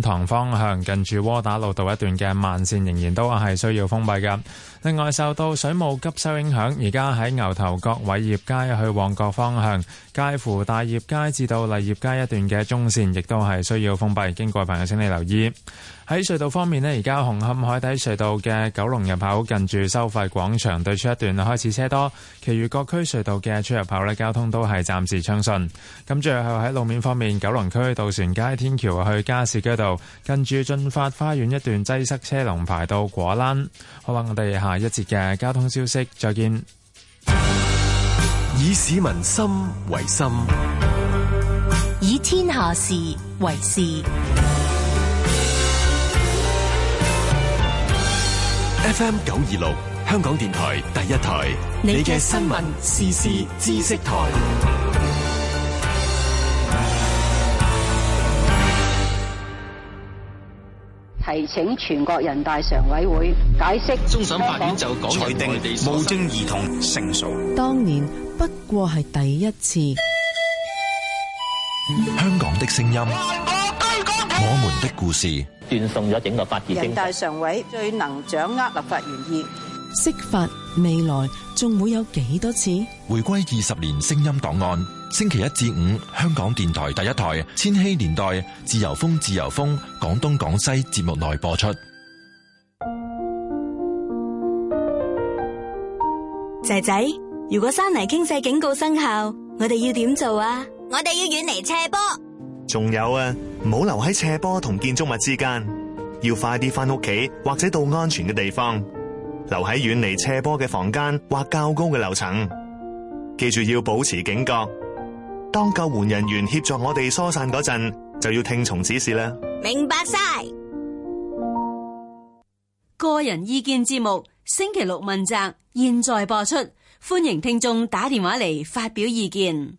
塘方向近住窩打路道一段嘅慢綫仍然都係需要封閉嘅。另外，受到水務急修影響，而家喺牛頭角偉業街去旺角方向，介乎大業街至到麗業街一段嘅中綫亦都係需要封閉，經過朋友請你留意。喺隧道方面呢，而家紅磡海底隧道嘅九龍入口近住收費廣場對出一段開始車多，其餘各區隧道嘅出入口呢，交通都係暫時暢順。咁最後喺路面方面，九龍區渡船街天橋去加士居道近住駿發花園一段擠塞車龍排到果欄。好啦，我哋下一節嘅交通消息再見。以市民心為心，以天下事為事。FM 九二六，香港電台第一台。你嘅新聞時事知識台，提請全國人大常委會解釋。終審法院就裁定無證兒童成數。數當然不過係第一次。香港的聲音，我，我們的故事。斷送咗整個法治精神。人大常委最能掌握立法原意，釋法未來仲會有幾多次？回歸二十年聲音檔案，星期一至五香港電台第一台千禧年代自由風自由風廣東廣西節目內播出。仔仔，如果山泥傾瀉警告生效，我哋要點做啊？我哋要遠離斜坡。仲有啊，唔好留喺斜坡同建築物之間，要快啲翻屋企或者到安全嘅地方。留喺遠離斜坡嘅房間或較高嘅樓層。記住要保持警覺。當救援人員協助我哋疏散嗰陣，就要聽從指示啦。明白晒。個人意見節目，星期六問責，現在播出。歡迎聽眾打電話嚟發表意見。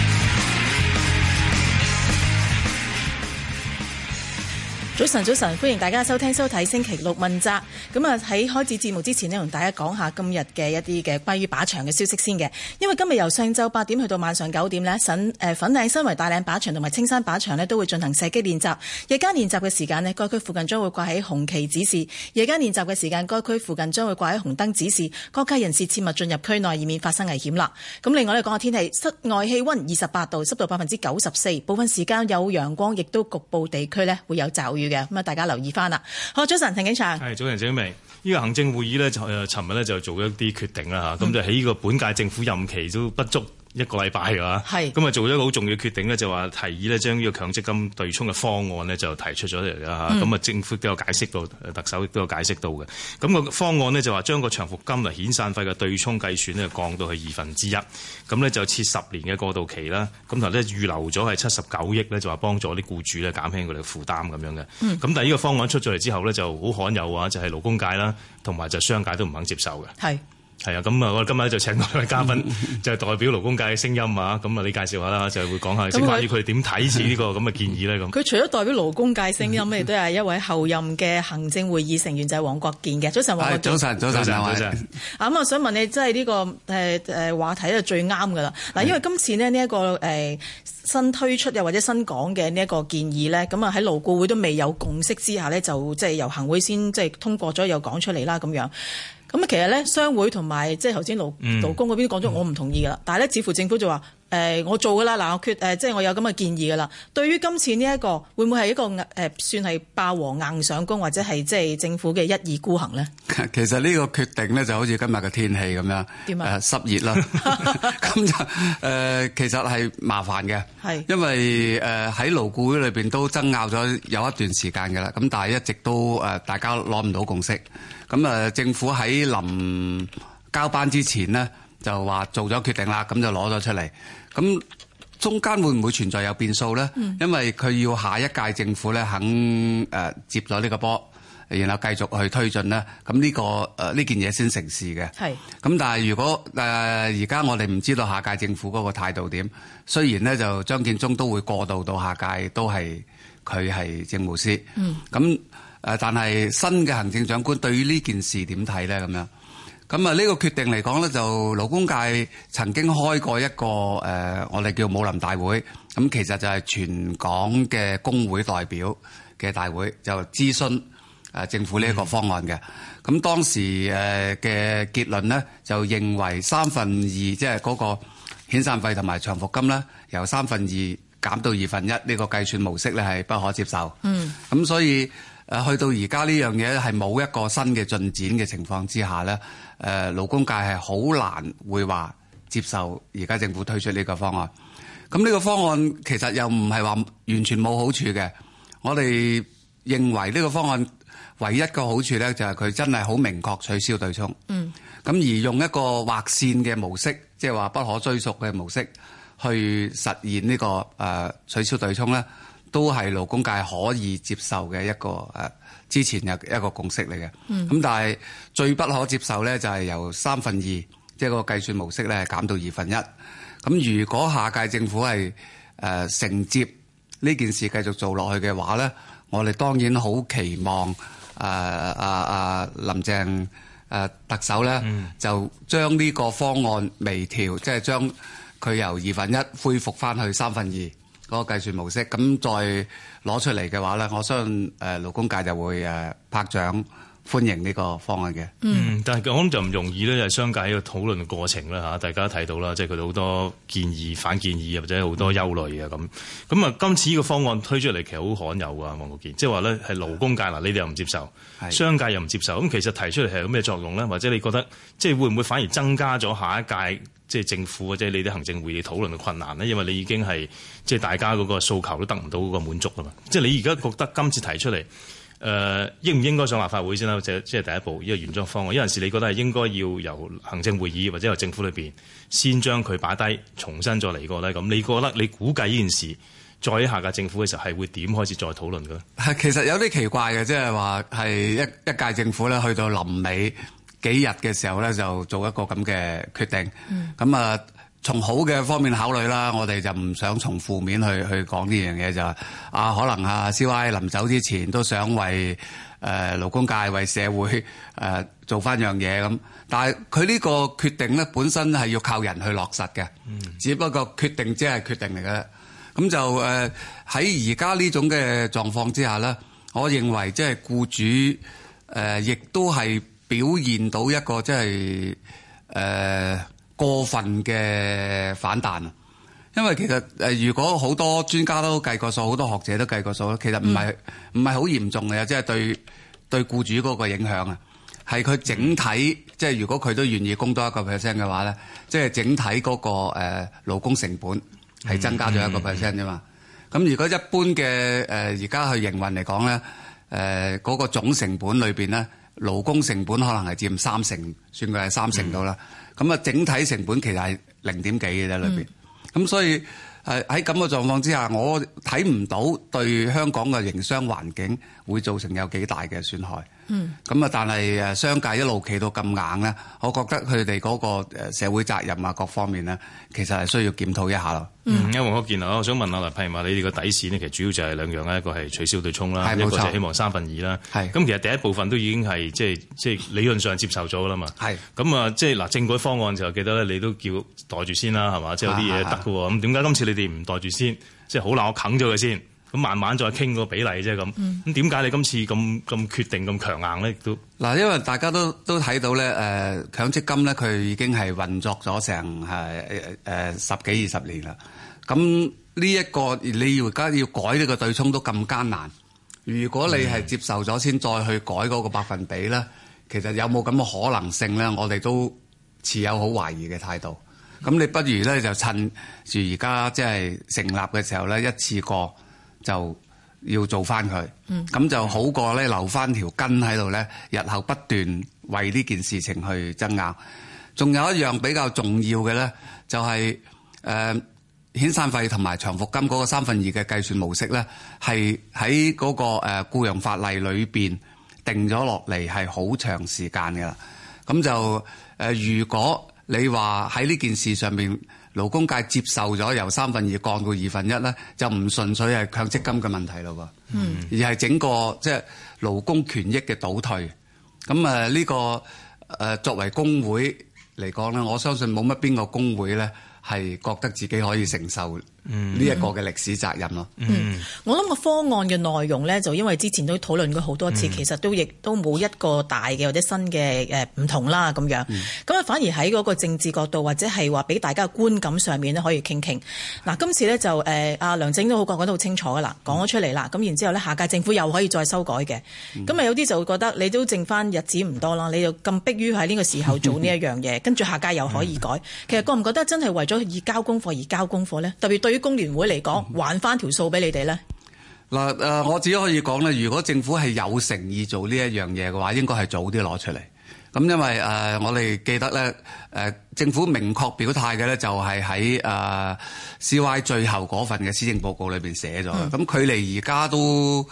早晨，早晨，歡迎大家收聽收睇星期六問責，咁啊，喺開始節目之前咧，同大家講下今日嘅一啲嘅關於靶場嘅消息先嘅。因為今日由上晝八點去到晚上九點咧，粉誒粉嶺新圍大嶺靶場同埋青山靶場咧都會進行射擊練習，夜間練習嘅時間咧，該區附近將會掛喺紅旗指示；夜間練習嘅時間該區附近將會掛喺紅燈指示。各界人士切勿進入區內以免發生危險啦。咁另外呢講下天氣室外氣温二十八度，濕度百分之九十四，部分時間有陽光，亦都局部地區咧會有驟雨。嘅咁啊，大家留意翻啦。好 Justin，早晨，陳景祥。係早晨，鄭婉薇。呢、呢個行政會議咧就誒，尋日咧就做咗一啲決定啦嚇。咁、嗯、就喺呢個本屆政府任期都不足一個禮拜㗎嘛，咁啊是做咗個好重要決定咧，就話提議咧將呢個強積金對沖嘅方案咧就提出咗嚟啦嚇，咁啊、嗯、政府都有解釋到，特首亦都有解釋到嘅。咁、個方案咧就話將個長服金啊遣散費嘅對沖計算咧降到去二分之一，咁咧就設十年嘅過渡期啦。咁頭咧預留咗係七十九億咧，就話幫助啲僱主咧減輕佢哋嘅負擔咁樣嘅。咁、嗯、但呢個方案出咗嚟之後咧，就好罕有啊，就係勞工界啦，同埋就商界都唔肯接受嘅。係啊，咁啊，我哋今日就請到嘅嘉賓就係、代表勞工界嘅聲音啊，咁啊，你介紹下啦，就會講下，即係關於佢哋點睇似呢個咁嘅建議咧咁。佢 除咗代表勞工界聲音，亦都係一位候任嘅行政會議成員，就係黃國健嘅。早晨，黃國健，早晨，早晨，早晨上。咁啊上，想問你，即係呢個誒誒話題就最啱噶啦。嗱，因為今次呢呢一個新推出又或者新講嘅呢一個建議咧，咁啊喺勞顧會都未有共識之下咧，就即係由行會先即係通過咗，又講出嚟啦咁樣。咁啊，其實咧，商會同埋即係頭先勞勞工嗰邊講咗，我唔同意噶啦。嗯嗯、但係咧，似乎政府就話誒、呃，我做噶啦，嗱、呃，我決即係我有咁嘅建議噶啦。對於今次呢、這個、一個，會唔會係一個算係霸王硬上弓，或者係即係政府嘅一意孤行咧？其實呢個決定咧，就好似今日嘅天氣咁樣，誒樣、呃、濕熱啦，咁就誒其實係麻煩嘅，是因為誒喺勞顧會裏面都爭拗咗有一段時間噶啦，咁但係一直都誒大家攞唔到共識。咁啊，政府喺臨交班之前呢，就話做咗決定啦，咁就攞咗出嚟。咁中間會唔會存在有變數呢？嗯、因為佢要下一屆政府咧肯誒、呃、接咗呢個波，然後繼續去推進呢。咁呢、呢個誒呢、呃、件嘢先成事嘅。係是。咁但係如果誒而家我哋唔知道下屆政府嗰個態度點，雖然呢就張建宗都會過渡到下屆都係佢係政務司。嗯。咁。誒，但係新嘅行政長官對於呢件事點睇呢？咁樣，咁啊，呢個決定嚟講呢，就勞工界曾經開過一個誒，我哋叫武林大會。咁其實就係全港嘅工會代表嘅大會，就諮詢誒政府呢一個方案嘅。咁當時誒嘅結論呢，就認為三分二，即係嗰個遣散費同埋長服金呢，由三分二減到二分一，呢個計算模式呢係不可接受。嗯，咁所以。誒去到而家呢樣嘢咧，係冇一個新嘅進展嘅情況之下呢，誒勞工界係好難會話接受而家政府推出呢個方案。咁、這、呢個方案其實又唔係話完全冇好處嘅。我哋認為呢個方案唯一嘅好處咧，就係佢真係好明確取消對沖，嗯。咁而用一個劃線嘅模式，即係話不可追溯嘅模式，去實現呢個誒取消對沖咧，都係勞工界可以接受嘅一個誒，之前一一個共識嚟嘅。咁、嗯、但係最不可接受咧，3，就係由三分二即係個計算模式咧減到二分一。咁如果下屆政府係誒、呃、承接呢件事繼續做落去嘅話咧，我哋當然好期望誒誒、呃呃、林鄭誒、呃、特首咧、嗯、就將呢個方案微調，即、就、係、是、將佢由二分一恢復翻去三分二。嗰個計算模式，咁再攞出嚟嘅話咧，我相信誒勞工界就會誒拍掌。歡迎呢個方案嘅。嗯，但係我諗就唔容易咧，係、就係、商界嘅討論過程啦嚇，大家睇到啦，即係佢哋好多建議、反建議，或者好多憂慮啊咁。咁啊、嗯，今次呢個方案推出嚟其實好罕有啊，黃國健。即係話咧，係勞工界嗱，的你哋又唔接受，商界又唔接受。咁其實提出嚟係有咩作用咧？或者你覺得，即係會唔會反而增加咗下一屆即係政府，或者你啲行政會議討論嘅困難咧？因為你已經係即係大家嗰個訴求都得唔到嗰個滿足啊嘛。的即係你而家覺得今次提出嚟？誒、呃、應唔應該上立法會先啦？即即係第一步，呢、呢個原則方案。有陣時你覺得係應該要由行政會議或者由政府裏邊先將佢擺低，重新再嚟過咧。咁你覺得你估計呢件事再下屆政府嘅時候係會點開始再討論嘅咧？其實有啲奇怪嘅，即係話係一一屆政府咧，去到臨尾幾日嘅時候咧，就做一個咁嘅決定。咁啊、嗯。從好嘅方面考慮啦，我哋就唔想從負面去去講呢樣嘢，就啊可能啊 CY 臨走之前都想為誒、呃、勞工界為社會誒、呃、做翻樣嘢咁，但係佢呢個決定咧本身係要靠人去落實嘅。嗯、只不過決定即係決定嚟嘅，咁就誒喺而家呢種嘅狀況之下咧，我認為即係雇主誒、呃、亦都係表現到一個即係誒。呃過分嘅反彈啊！因為其實如果好多專家都計過數，好多學者都計過數，其實唔係唔係好嚴重嘅，即、就、係、是、對對僱主嗰個影響啊，係佢整體即係如果佢都願意供多一個 percent 嘅話咧，即、就、係、是、整體嗰、那個誒、呃、勞工成本係增加咗一個 percent 啫嘛。咁、嗯嗯嗯、如果一般嘅誒而家去營運嚟講咧，誒、呃、嗰、那個總成本裏面，咧，勞工成本可能係佔三成，算佢係三成到啦。嗯咁啊，整體成本其實係零點幾嘅啫，裏邊。咁、嗯、所以在喺咁嘅狀況之下，我睇唔到對香港嘅營商環境會造成有幾大嘅損害。嗯，咁啊，但係誒商界一路企到咁硬咧，我覺得佢哋嗰個社會責任啊，各方面咧，其實係需要檢討一下咯。嗯，因黃國健啊，我想問下啦，譬如話你哋個底線咧，其實主要就係兩樣啦，一個係取消對沖啦，一個就希望三分二啦。咁是其實第一部分都已經係即係即係理論上接受咗啦嘛。咁啊是，即係嗱，政改方案就記得咧，你都叫袋住先啦，係嘛？即係有啲嘢得㗎喎。咁點解今次你哋唔袋住先？即係好難我啃咗佢先。咁慢慢再傾個比例啫。咁咁點解你今次咁咁決定咁強硬咧？亦都嗱，因為大家都都睇到咧，誒，強積金咧，佢已經係運作咗成十幾二十年啦。咁呢一個你而家要改呢個對沖都咁艱難，如果你係接受咗先再去改嗰個百分比咧，其實有冇咁嘅可能性咧？我哋都持有好懷疑嘅態度。咁你不如咧就趁住而家即係成立嘅時候咧，一次過。就要做翻佢，咁、嗯、就好過咧留翻條根喺度咧，日後不斷為呢件事情去爭拗。仲有一樣比較重要嘅咧、就是，就係誒遣散費同埋長服金嗰個三分二嘅計算模式咧，係喺嗰個誒雇傭法例裏邊定咗落嚟，係好長時間㗎喇。咁就誒、呃，如果你話喺呢件事上面。勞工界接受咗由三分二降到二分一咧，就唔純粹係強積金嘅問題咯，而係整個即係勞工權益嘅倒退。咁誒呢個誒作為工會嚟講咧，我相信冇乜邊個工會咧係覺得自己可以承受呢一、嗯、個嘅歷史責任咯。嗯，嗯我諗個方案嘅內容呢，就因為之前都討論過好多次，嗯、其實都亦都冇一個大嘅或者新嘅誒唔同啦咁樣。咁啊、嗯，反而喺嗰個政治角度或者係話俾大家嘅觀感上面咧，可以傾傾。嗱是、啊，今次呢，就誒阿、呃、梁振英都好講得好清楚啦，講咗出嚟啦。咁、嗯、然之後呢，下屆政府又可以再修改嘅。咁啊、嗯，有啲就會覺得你都剩翻日子唔多啦，你就咁逼於喺呢個時候做呢一樣嘢，跟住 下屆又可以改。嗯、其實覺唔覺得真係為咗以交功課而交功課呢？特別對。對於工聯會嚟講，還翻條數俾你哋咧？嗱誒，我只可以講咧，如果政府係有誠意做呢一樣嘢嘅話，應該係早啲攞出嚟。咁因為誒，我哋記得咧，誒政府明確表態嘅咧，就係喺誒 CY 最後嗰份嘅施政報告裏邊寫咗。咁距離而家都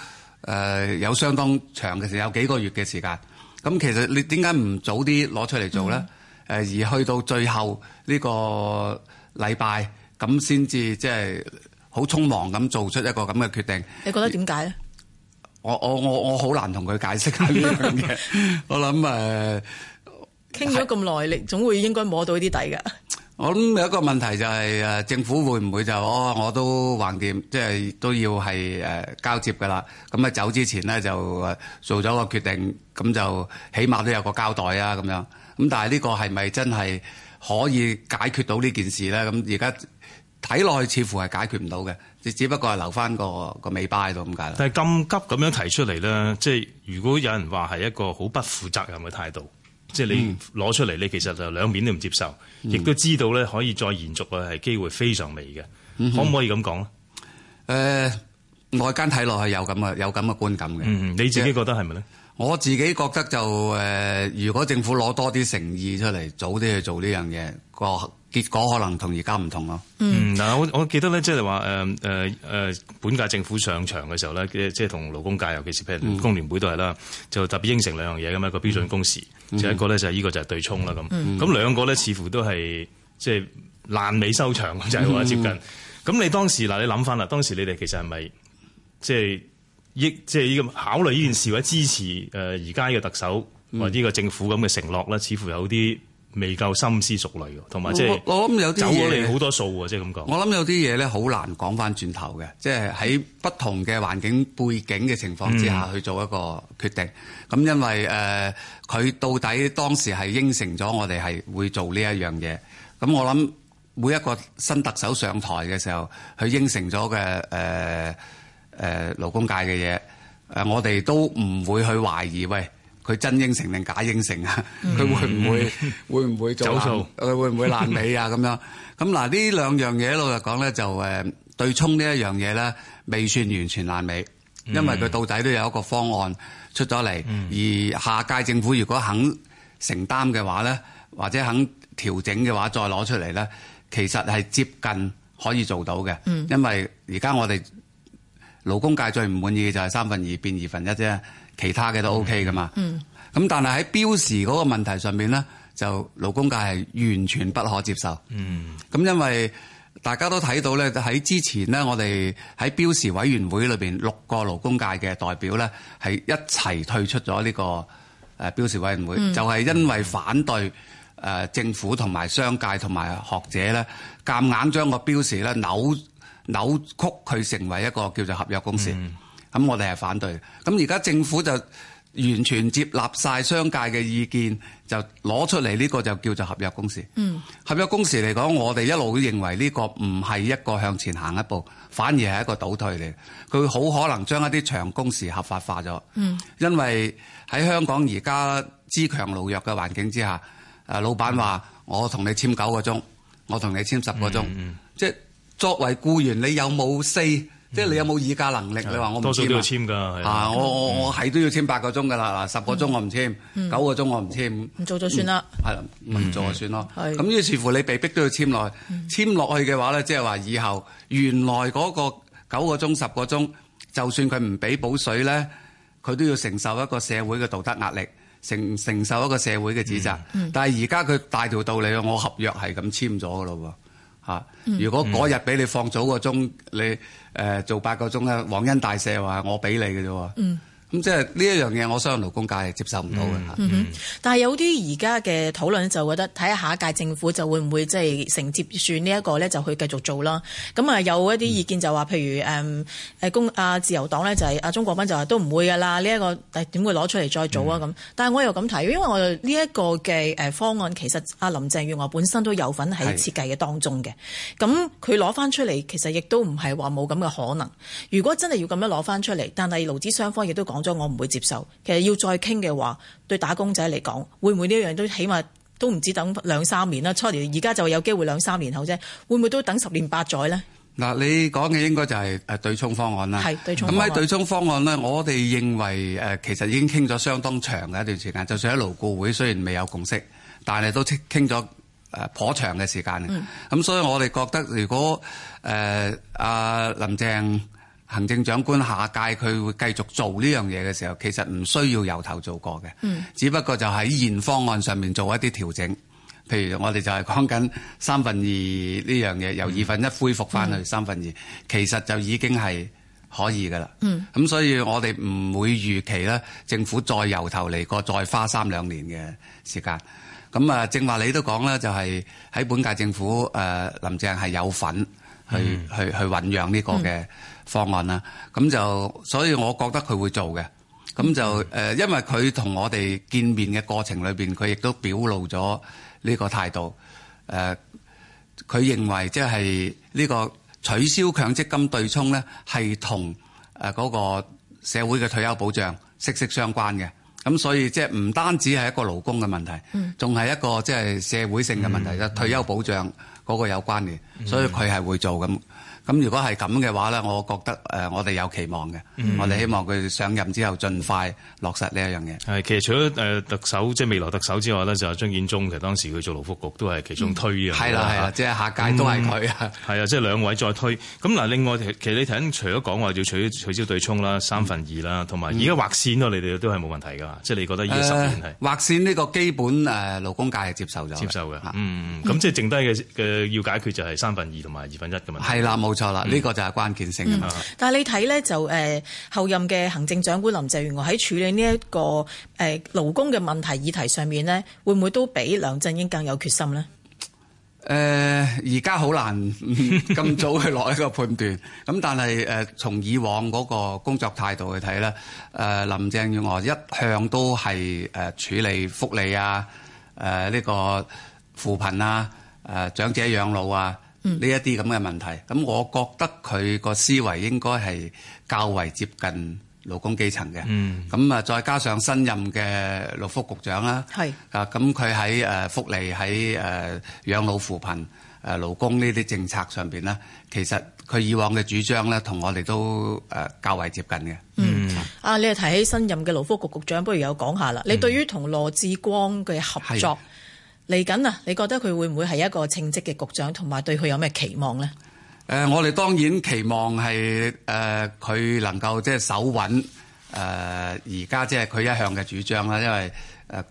誒有相當長嘅時，有幾個月嘅時間。咁其實你點解唔早啲攞出嚟做咧？誒，而去到最後呢個禮拜。咁先至即係好匆忙咁做出一個咁嘅決定。你覺得點解咧？我我我我好難同佢解釋下呢樣嘢。我諗誒，傾咗咁耐，你總會應該摸到啲底㗎。我諗有一個問題就係誒，政府會唔會就我我都橫掂，即係都要係誒交接㗎啦。咁啊走之前咧，就做咗個決定，咁就起碼都有個交代啊咁樣。咁但係呢個係咪真係可以解決到呢件事咧？咁而家。睇落去似乎係解決唔到嘅，只不過係留翻個個尾巴喺度咁解啦。但係咁急咁樣提出嚟咧，即係如果有人話係一個好不負責任嘅態度，嗯、即係你攞出嚟，你其實就兩面都唔接受，亦都、嗯、知道咧可以再延續嘅係機會非常微嘅，嗯、哼可唔可以咁講咧？誒、呃，外間睇落去有咁嘅有咁嘅觀感嘅、嗯，你自己覺得係咪咧？我自己覺得就誒，如果政府攞多啲誠意出嚟，早啲去做呢樣嘢，個結果可能同而家唔同咯。嗱，我我記得咧，即係話誒誒誒本屆政府上場嘅時候咧，即係同勞工界，尤其是譬如工聯會都係啦，嗯、就特別應承兩樣嘢咁啊，一個標準工時，另、嗯、一個咧就係、是、呢個就係對沖啦咁。咁、嗯、兩個咧似乎都係即係爛尾收場，就係、是、話接近。咁、嗯、你當時嗱，你諗翻啦，當時你哋其實係咪即係？就是亦即係呢個考慮呢件事或者支持誒而家呢個特首、嗯、或呢個政府咁嘅承諾咧，似乎有啲未夠深思熟慮，同埋即係走咗你好多數，即係咁講。我諗、我諗有啲嘢咧，好難講返轉頭嘅，即係喺不同嘅環境背景嘅情況之下去做一個決定。咁、嗯、因為誒佢、呃、到底當時係應承咗我哋係會做呢一樣嘢。咁我諗每一個新特首上台嘅時候，佢應承咗嘅誒。呃誒、呃、勞工界嘅嘢、呃，我哋都唔會去懷疑，喂佢真應承定假應承啊？佢、嗯、會唔會、嗯、會唔會做數？佢走會唔會爛尾啊？咁樣咁嗱，呢兩樣嘢老實講咧，就誒、呃、對沖呢一樣嘢咧，未算完全爛尾，因為佢到底都有一個方案出咗嚟，嗯、而下屆政府如果肯承擔嘅話咧，或者肯調整嘅話，再攞出嚟咧，其實係接近可以做到嘅，嗯、因為而家我哋。勞工界最唔滿意嘅就係三分二變二分一啫，其他嘅都 OK 㗎嘛，嗯。嗯。咁但係喺標示嗰個問題上面呢，就勞工界係完全不可接受。嗯。咁因為大家都睇到呢，喺之前呢，我哋喺標示委員會裏面六個勞工界嘅代表呢，係一齊退出咗呢個誒標示委員會，嗯嗯、就係因為反對政府同埋商界同埋學者呢，夾硬將個標示呢扭扭曲佢成為一個叫做合約工時，咁、嗯、我哋係反對。咁而家政府就完全接納晒商界嘅意見，就攞出嚟呢個就叫做合約工時。嗯，合約工時嚟講，我哋一路認為呢個唔係一個向前行一步，反而係一個倒退嚟。佢好可能將一啲長工時合法化咗，嗯嗯。嗯，因為喺香港而家資強勞弱嘅環境之下，誒，老闆話我同你簽九個鐘，我同你簽十個鐘，即係。作為雇員，你有冇四？即係你有冇議價能力？你話我唔多數都要簽㗎。啊，我我我係都要簽八個鐘㗎啦。嗱，十個鐘我唔簽，九個鐘我唔簽。唔做就算啦。係啦，唔做就算咯。咁，於是乎你被逼都要簽落去，簽落去嘅話咧，即係話以後原來嗰個九個鐘、十個鐘，就算佢唔俾補水咧，佢都要承受一個社會嘅道德壓力，承承受一個社會嘅指責。但係而家佢大條道理，我合約係咁簽咗㗎咯喎。啊！如果嗰日俾你放早個鐘，嗯、你誒、呃、做八個鐘咧，皇恩大赦話：嗯「我俾你嘅啫喎。咁即係呢一樣嘢，我相信勞工界係接受唔到嘅。但係有啲而家嘅討論就覺得睇下一屆政府就會唔會即係承接算呢一個呢，就去繼續做啦。咁啊有一啲意見就話，譬如誒誒、工、啊自由黨呢，就係阿鍾國斌就話都唔會㗎啦。呢、這、一個誒點會攞出嚟再做啊？咁、嗯、但係我又咁睇，因為我呢一個嘅方案其實阿林鄭月娥本身都有份喺設計嘅當中嘅。咁佢攞翻出嚟，其實亦都唔係話冇咁嘅可能。如果真係要咁樣攞翻出嚟，但係勞資雙方亦都講。咁我唔會接受，其實要再傾嘅話，對打工仔嚟講，會唔會呢樣起碼都起碼都唔止等兩三年啦？出年而家就有機會兩三年後啫，會唔會都等十年八載咧？嗱，你講嘅應該就係誒對沖方案啦，係對沖咁喺對沖方案咧，我哋認為誒，其實已經傾咗相當長嘅一段時間，就算喺勞顧會雖然未有共識，但係都傾傾咗誒頗長嘅時間，咁、嗯、所以我哋覺得如果誒阿、呃啊、林鄭。行政長官下屆佢會繼續做呢樣嘢嘅時候，其實唔需要由頭做過嘅，嗯、只不過就喺現方案上面做一啲調整。譬如我哋就係講緊三分二呢樣嘢，嗯、由二分一恢復翻去三分二、嗯，其實就已經係可以噶啦。咁、嗯、所以，我哋唔會預期咧，政府再由頭嚟過，再花三兩年嘅時間。咁啊，正話你都講啦，就係、是、喺本屆政府誒、呃，林鄭係有份去、嗯、去去醞釀呢個嘅。嗯方案啦，咁就所以我覺得佢會做嘅，咁就誒，因為佢同我哋見面嘅過程裏邊，佢亦都表露咗呢個態度。誒，佢認為即係呢個取消強積金對沖咧，係同誒嗰個社會嘅退休保障息息相關嘅。咁所以即係唔單止係一個勞工嘅問題，嗯，仲係一個即係社會性嘅問題啦，退休保障嗰個有關聯，所以佢係會做咁。咁如果係咁嘅話咧，我覺得誒我哋有期望嘅，嗯、我哋希望佢上任之後盡快落實呢一樣嘢。係，其實除咗誒特首即係未來特首之外咧，就係張建宗，其實當時佢做勞福局都係其中推嘅。係啦、嗯，係啦，即係下屆都係佢啊。係啊，即係兩位再推。咁嗱， 另外其實你頭先除咗講話要取取消對沖啦，三分二啦、嗯，同埋而家劃線咯，你哋都係冇問題㗎，即係你覺得呢個十年、呃、劃線呢個基本誒勞工界係接受咗。接受嘅，咁、嗯啊、即係剩低嘅嘅要解決就係三分二同埋二分一嘅問題。係啦，冇。錯啦，呢、這個就係關鍵性啦、嗯。但係你睇咧，就誒、呃、候任嘅行政長官林鄭月娥喺處理呢一個誒勞工嘅問題議題上面咧，會唔會都比梁振英更有決心咧？誒、呃，而家好難咁早去落一個判斷。咁 但係誒，從、呃、以往嗰個工作態度去睇咧，誒、呃、林鄭月娥一向都係誒處理福利啊，誒、呃、呢、這個扶貧啊，誒、呃、長者養老啊。呢一啲咁嘅問題，咁我覺得佢個思維應該係較為接近勞工基層嘅。咁啊、嗯，再加上新任嘅勞福局長啦，係啊是，咁佢喺誒福利、喺誒養老扶貧、誒勞工呢啲政策上邊咧，其實佢以往嘅主張咧，同我哋都誒較為接近嘅。嗯，啊，你又提起新任嘅勞福局局長，不如有講下啦。嗯、你對於同羅致光嘅合作？嚟緊啊！你覺得佢會唔會係一個稱職嘅局長，同埋對佢有咩期望呢？誒、呃，我哋當然期望係誒佢能夠即係守穩誒而家即係佢一向嘅主張啦。因為誒佢、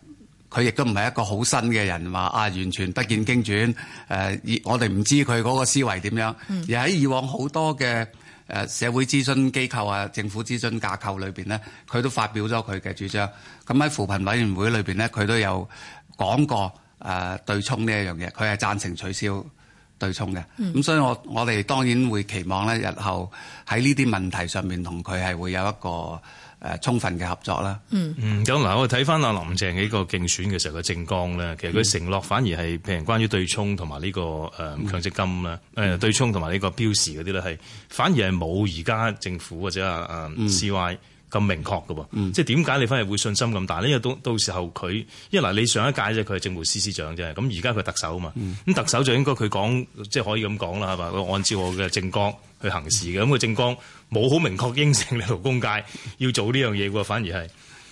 呃、亦都唔係一個好新嘅人，話啊完全不見經傳誒、呃。我哋唔知佢嗰個思維點樣。嗯、而喺以往好多嘅誒社會諮詢機構啊、政府諮詢架構裏面呢，佢都發表咗佢嘅主張。咁喺扶貧委員會裏面呢，佢都有講過。誒、呃、對沖呢一樣嘢，佢係贊成取消對沖嘅，咁、嗯、所以我我哋當然會期望咧，日後喺呢啲問題上面同佢係會有一個誒、呃、充分嘅合作啦。嗯，咁嗱、嗯，我睇翻阿林鄭呢個競選嘅時候嘅政綱咧，其實佢承諾反而係譬如關於對沖同埋呢個誒強積金啦，誒、嗯呃、對沖同埋呢個標示嗰啲咧，係反而係冇而家政府或者啊，C、呃、Y。嗯咁明確㗎喎，嗯、即係點解你反而會信心咁大呢？因為到到時候佢，一嗱你上一屆就佢係政務司司長啫，咁而家佢係特首啊嘛，咁、嗯、特首就應該佢講，即、就、係、是、可以咁講啦，係嘛？佢按照我嘅政綱去行事嘅，咁佢、嗯、政綱冇好明確應承你勞工界要做呢樣嘢喎，反而係。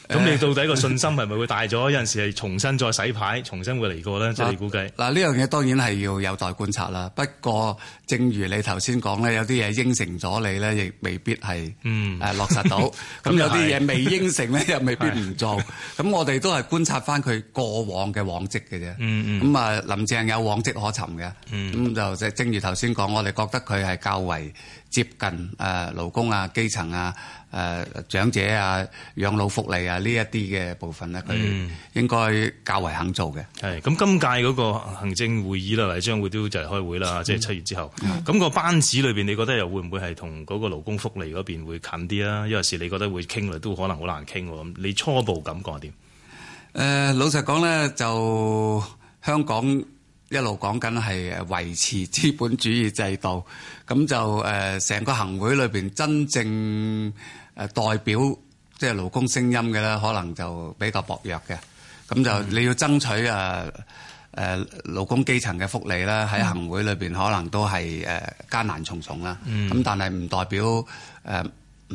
咁你、欸、到底個信心係咪會大咗？有陣時係重新再洗牌，重新會嚟過咧，即係估計。嗱，呢樣嘢當然係要有待觀察啦。不過，正如你頭先講咧，有啲嘢應承咗你咧，亦未必係誒、嗯啊、落實到。咁 cowboy, 有啲嘢未應承咧，又未必唔做。咁 underside、嗯、我哋都係觀察翻佢過往嘅往績嘅啫。咁啊，林鄭有往績 可尋嘅。咁就即係正如頭先講，我哋覺得佢係較為接近誒勞工啊、啊、基層啊。誒、啊、長者啊、養老福利啊呢一啲嘅部分咧、啊，佢應該較為肯做嘅。咁、嗯，咁今屆嗰個行政會議啦，嚟將會都就嚟開會啦，即係七月之後。咁、嗯、個班子裏面，你覺得又會唔會係同嗰個勞工福利嗰邊會近啲啊？因為係你覺得會傾，嚟都可能好難傾喎。咁你初步感覺點？誒、呃，老實講咧，就香港一路講緊係維持資本主義制度，咁就誒成、呃、個行會裏面真正。誒代表即係勞工聲音嘅咧，可能就比較薄弱嘅，咁就你要爭取誒誒勞工基層嘅福利啦，喺行會裏邊可能都係誒艱難重重啦。咁但係唔代表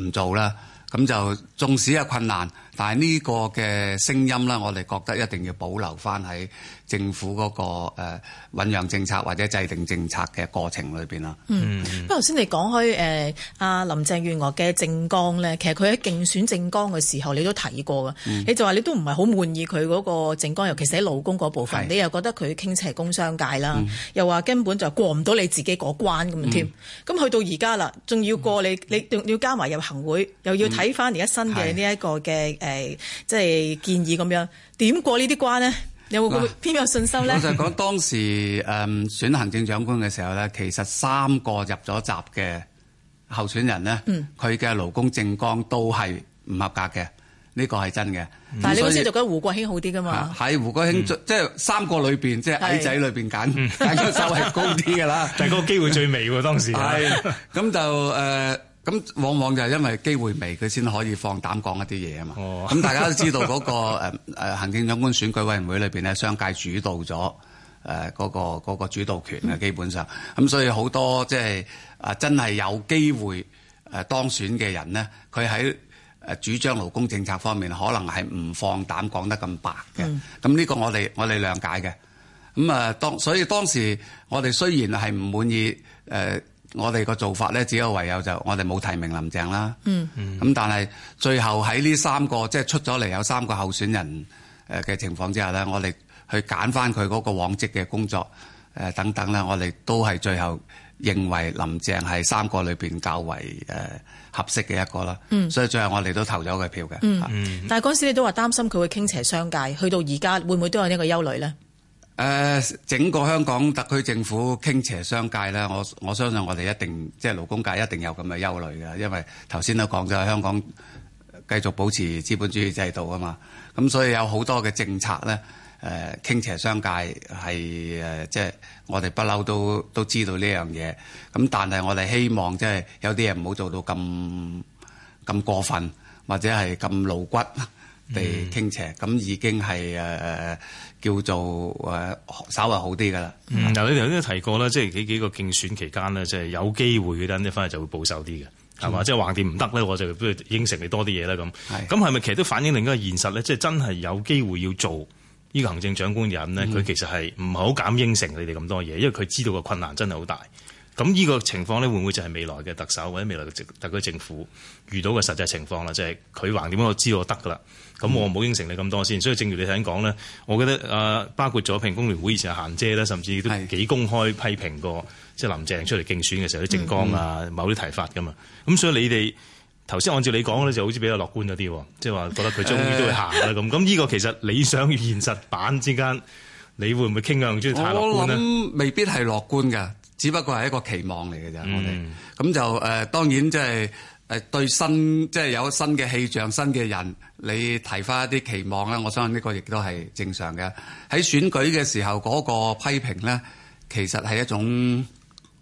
誒唔做啦，咁就縱使有困難。但係呢個嘅聲音咧，我哋覺得一定要保留翻喺政府嗰、那個誒醞釀、呃、政策或者制定政策嘅過程裏面。啦。嗯，不過頭先你講開誒阿林鄭月娥嘅政綱咧，其實佢喺競選政綱嘅時候，你都睇過㗎。嗯、你就話你都唔係好滿意佢嗰個政綱，尤其是喺勞工嗰部分，是你又覺得佢傾斜工商界啦，嗯、又話根本就過唔到你自己嗰關咁樣添。咁去、嗯、到而家啦，仲要過你，、嗯、你，你要加埋入行會，又要睇翻而家新嘅呢一個嘅。嗯誒、呃，即係建議咁樣點過呢啲關呢？說有冇偏有信心呢？我就係講當時誒、嗯、選行政長官嘅時候咧，其實三個入咗閘嘅候選人咧，佢嘅、嗯、勞工政綱都係唔合格嘅，呢、這個係真嘅。嗯、以但係你先就覺得胡國興好啲噶嘛？喺胡國興、嗯、即係三個裏面，即係矮仔裏面揀，稍係是、嗯、 高啲噶啦，就係嗰個機會最微喎當時。係咁就誒。呃咁往往就係因為機會微，佢先可以放膽講一啲嘢啊嘛。咁、哦、 大家都知道嗰個誒行政長官選舉委員會裏面咧，商界主導咗誒嗰個嗰、嗰個、主導權啊，基本上咁，嗯、所以好多即係啊真係有機會誒當選嘅人咧，佢喺主張勞工政策方面，可能係唔放膽講得咁白嘅。咁呢、嗯、個我哋我哋諒解嘅。咁啊當所以當時我哋雖然係唔滿意誒。呃我哋個做法咧，只有唯有就我哋冇提名林鄭啦。嗯嗯。咁但係最後喺呢三個即係出咗嚟有三個候選人嘅情況之下咧，我哋去揀翻佢嗰個往績嘅工作誒等等啦，我哋都係最後認為林鄭係三個裏邊較為誒合適嘅一個啦。嗯。所以最後我哋都投咗佢票嘅。嗯嗯。是但係嗰陣時你都話擔心佢會傾斜商界，去到而家會唔會都有呢個憂慮咧？誒、uh, 整個香港特區政府傾斜商界咧，我我相信我哋一定即係、就是、勞工界一定有咁嘅憂慮嘅，因為頭先都講咗香港繼續保持資本主義制度啊嘛，咁所以有好多嘅政策咧誒、呃、傾斜商界係即係我哋不嬲都都知道呢樣嘢，咁但係我哋希望即係、就是、有啲人唔好做到咁咁過分，或者係咁露骨。被、嗯、傾斜咁已經係誒、呃、叫做誒、呃、稍為好啲㗎啦。嗱、嗯，但你哋都提過啦，即係幾幾個競選期間呢，即、就、係、是、有機會嘅，人呢翻嚟就會保守啲嘅，係嘛？嗯、即係橫掂唔得咧，嗯、我就不如應承你多啲嘢啦咁。咁係咪其實都反映另一個現實咧？即係真係有機會要做呢個行政長官人呢，佢、嗯、其實係唔係好敢應承你哋咁多嘢？因為佢知道個困難真係好大。咁呢個情況咧，會唔會就係未來嘅特首或者未來嘅特區政府遇到嘅實際情況啦？就係佢橫掂我知道我得㗎啦。咁我冇應承你咁多先，所以正如你頭先講咧，我覺得啊，包括咗平工聯會以前行姐啦，甚至都幾公開批評過，即係林鄭出嚟競選嘅時候啲的、嗯、政綱啊，某啲提法噶嘛。咁所以你哋頭先按照你講咧，就好似比較樂觀咗啲，即係話覺得佢終於都會行啦咁。咁呢、呃、個其實理想與現實版之間，你會唔會傾向於太樂觀呢？未必係樂觀嘅，只不過係一個期望嚟嘅啫。嗯、我哋咁就誒、呃，當然即、就、係、是。誒，對新即係、就是、有新嘅氣象、新嘅人，你提翻一啲期望咧，我相信呢個亦都係正常嘅。喺選舉嘅時候，嗰、那個批評咧，其實係一種誒、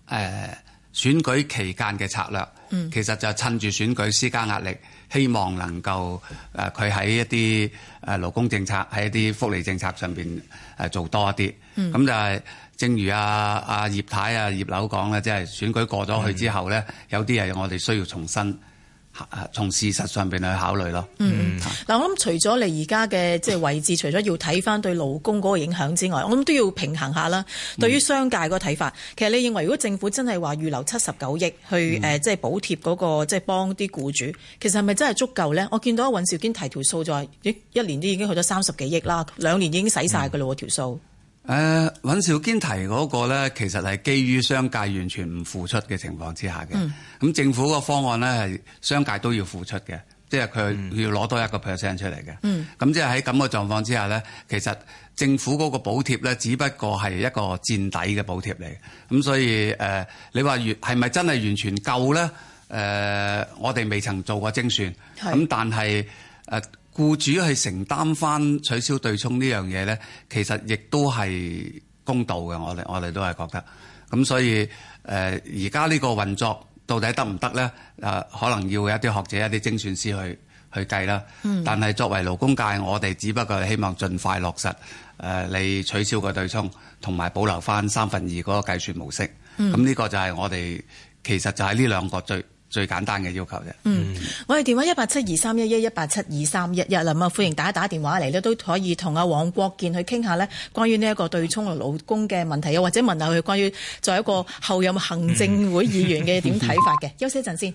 呃、選舉期間嘅策略，嗯、其實就係趁住選舉施加壓力，希望能夠誒佢喺一啲誒勞工政策、喺一啲福利政策上邊誒做多一啲，咁、嗯、就係、是。正如啊，阿葉太啊、葉劉講咧，即係選舉過咗去之後咧，嗯、有啲嘢我哋需要重新從事實上面去考慮咯。嗯，嗱是、嗯，我諗除咗你而家嘅即係位置，除咗要睇翻對勞工嗰個影響之外，我諗都要平衡下啦。對於商界個睇法，嗯、其實你認為如果政府真係話預留七十九億去即係、嗯、補貼嗰、那個，即、就、係、是、幫啲僱主，其實係咪真係足夠咧？我見到阿尹兆堅提條數就話一年都已經去咗三十幾億啦，兩年已經使晒嘅咯喎條數。誒、呃、尹兆堅提嗰個咧，其實係基於商界完全唔付出嘅情況之下嘅。咁、嗯、政府個方案咧，係商界都要付出嘅，即係佢要攞多一個 percent 出嚟嘅。咁、嗯、即係喺咁嘅狀況之下咧，其實政府嗰個補貼咧，只不過係一個墊底嘅補貼嚟。咁所以誒、呃，你話完係咪真係完全夠咧？誒、呃，我哋未曾做過精算。咁是但係誒。呃僱主去承擔翻取消對沖呢樣嘢呢，其實亦都係公道嘅。我哋我哋都係覺得，咁所以誒而家呢個運作到底得唔得呢？誒、呃、可能要一啲學者、一啲精算師去去計啦。嗯、但係作為勞工界，我哋只不過希望盡快落實誒、呃、你取消個對沖，同埋保留翻三分二嗰個計算模式。咁呢、嗯嗯、個就係我哋其實就係呢兩個最。最簡單嘅要求啫。嗯，我哋電話一八七二三一一一八七二三一一啦，啊歡迎打一打電話嚟咧，都可以同阿黃國健去傾下咧，關於呢一個對沖勞工嘅問題，又或者問下佢關於作為一個候任行政會議員嘅點睇法嘅。休息一陣先。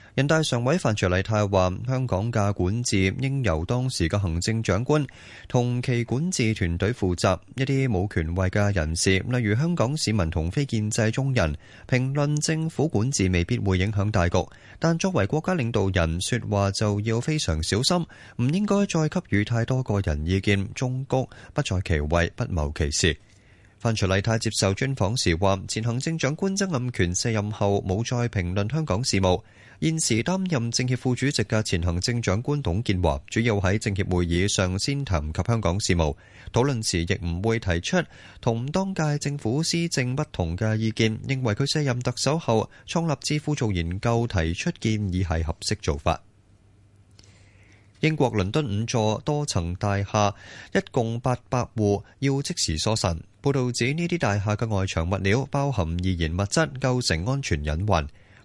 人大常委范徐麗泰話：香港嘅管治應由當時嘅行政長官同其管治團隊負責。一啲冇權位嘅人士，例如香港市民同非建制中人，評論政府管治未必會影響大局。但作為國家領導人，説話就要非常小心，唔應該再給予太多個人意見。忠告不在其位，不謀其事。范徐麗泰接受專訪時話：前行政長官曾蔭權卸任後，冇再評論香港事務。現時擔任政協副主席嘅前行政長官董建華，主要喺政協會議上先談及香港事務，討論時亦唔會提出同當屆政府施政不同嘅意見。認為佢卸任特首後，創立智庫做研究，提出建議係合適做法。英國倫敦五座多層大廈，一共八百戶，要即時疏散。報道指呢啲大廈嘅外牆物料包含易燃物質，構成安全隱患。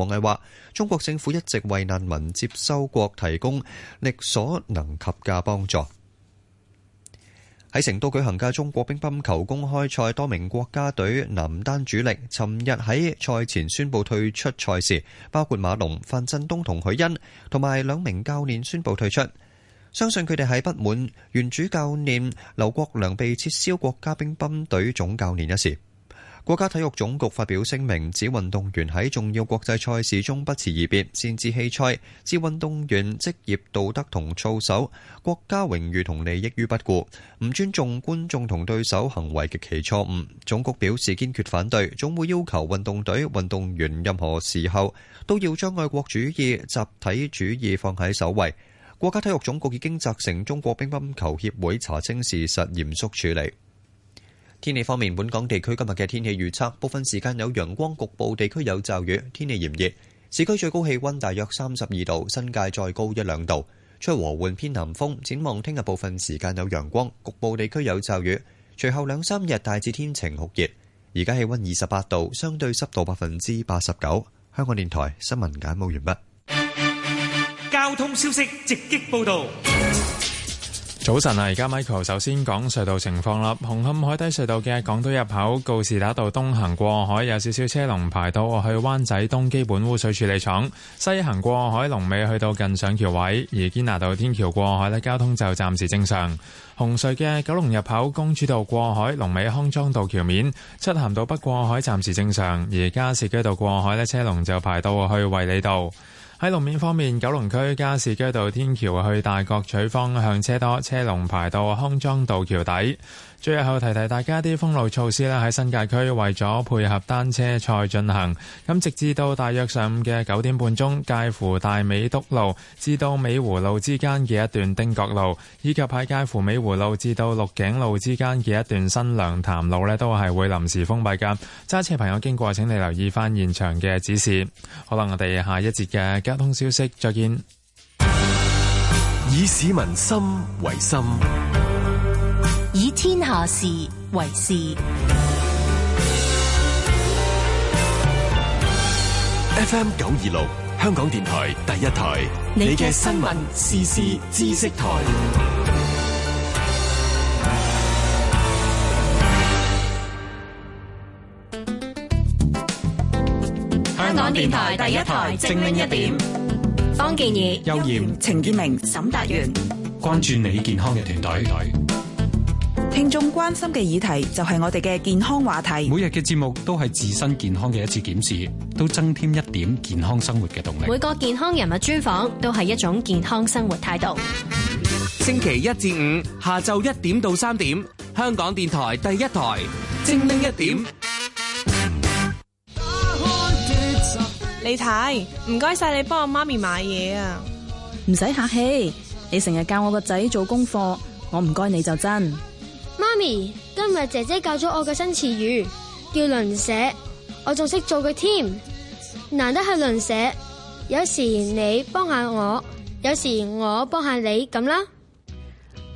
王毅話：中國政府一直為難民接收國提供力所能及嘅幫助。喺成都舉行嘅中國乒乓球公開賽，多名國家隊男單主力尋日喺賽前宣布退出賽事，包括馬龍、范振東同許昕，同埋兩名教練宣布退出。相信佢哋係不滿原主教練劉國梁被撤銷國家乒乓隊總教練一事。國家體育總局發表聲明，指運動員喺重要國際賽事中不辭而別、擅自棄賽，置運動員職業道德同操守、國家榮譽同利益於不顧，唔尊重觀眾同對手，行為極其錯誤。總局表示堅決反對，總會要求運動隊、運動員任何時候都要將愛國主義、集體主義放喺首位。國家體育總局已經責成中國乒乓球協會查清事實，嚴肅處理。天氣方面，本港地區今日嘅天氣預測，部分時間有陽光，局部地區有驟雨，天氣炎熱。市區最高氣溫大約三十二度，新界再高一兩度。吹和緩偏南風。展望聽日部分時間有陽光，局部地區有驟雨。隨後兩三日大致天晴酷熱。而家氣溫二十八度，相對濕度百分之八十九。香港電台新聞簡報完畢。交通消息直擊報道。早晨啊！而家 Michael 首先講隧道情況啦。紅磡海底隧道嘅港島入口告士打道東行過海有少少車龍排到我去灣仔東基本污水處理廠，西行過海龍尾去到近上橋位；而堅拿道天橋過海呢交通就暫時正常。紅隧嘅九龍入口公主道過海龍尾康莊道橋面漆咸道北過海暫時正常，而加士居道過海呢車龍就排到我去衛理道。喺路面方面，九龍區加士居道天橋去大角咀方向車多，車龍排到康莊道橋底。最後提提大家啲封路措施啦，喺新界區為咗配合單車賽進行，咁直至到大約上午嘅九點半鐘，介乎大美督路至到美湖路之間嘅一段汀角路，以及喺介乎美湖路至到鹿頸路之間嘅一段新娘潭路呢都係會臨時封閉噶。揸車朋友經過，請你留意翻現場嘅指示。好啦，我哋下一節嘅交通消息，再見。以市民心為心。下事為事，FM 九二六香港電台第一台，你嘅新聞時事知識台，香港電台第一台，正明一點，當建議邱艷、陳建明、沈達元，關注你健康嘅團隊。聽眾關心嘅議題就係我哋嘅健康話題。每日嘅節目都係自身健康嘅一次檢視，都增添一點健康生活嘅動力。每個健康人物專訪都係一種健康生活態度。星期一至五下晝一點到三點，香港電台第一台精靈一點你。李太，唔該晒你幫我媽咪買嘢啊！唔使客氣，你成日教我個仔做功課，我唔該你就真。媽咪，今日姐姐教咗我嘅新詞語，叫「鄰舍」。我仲識做嘅添。難得係「鄰舍」，有時你幫下我，有時我幫下你，咁啦。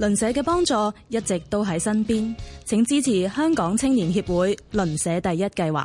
鄰舍嘅幫助一直都喺身邊，請支持香港青年協會鄰舍第一計劃。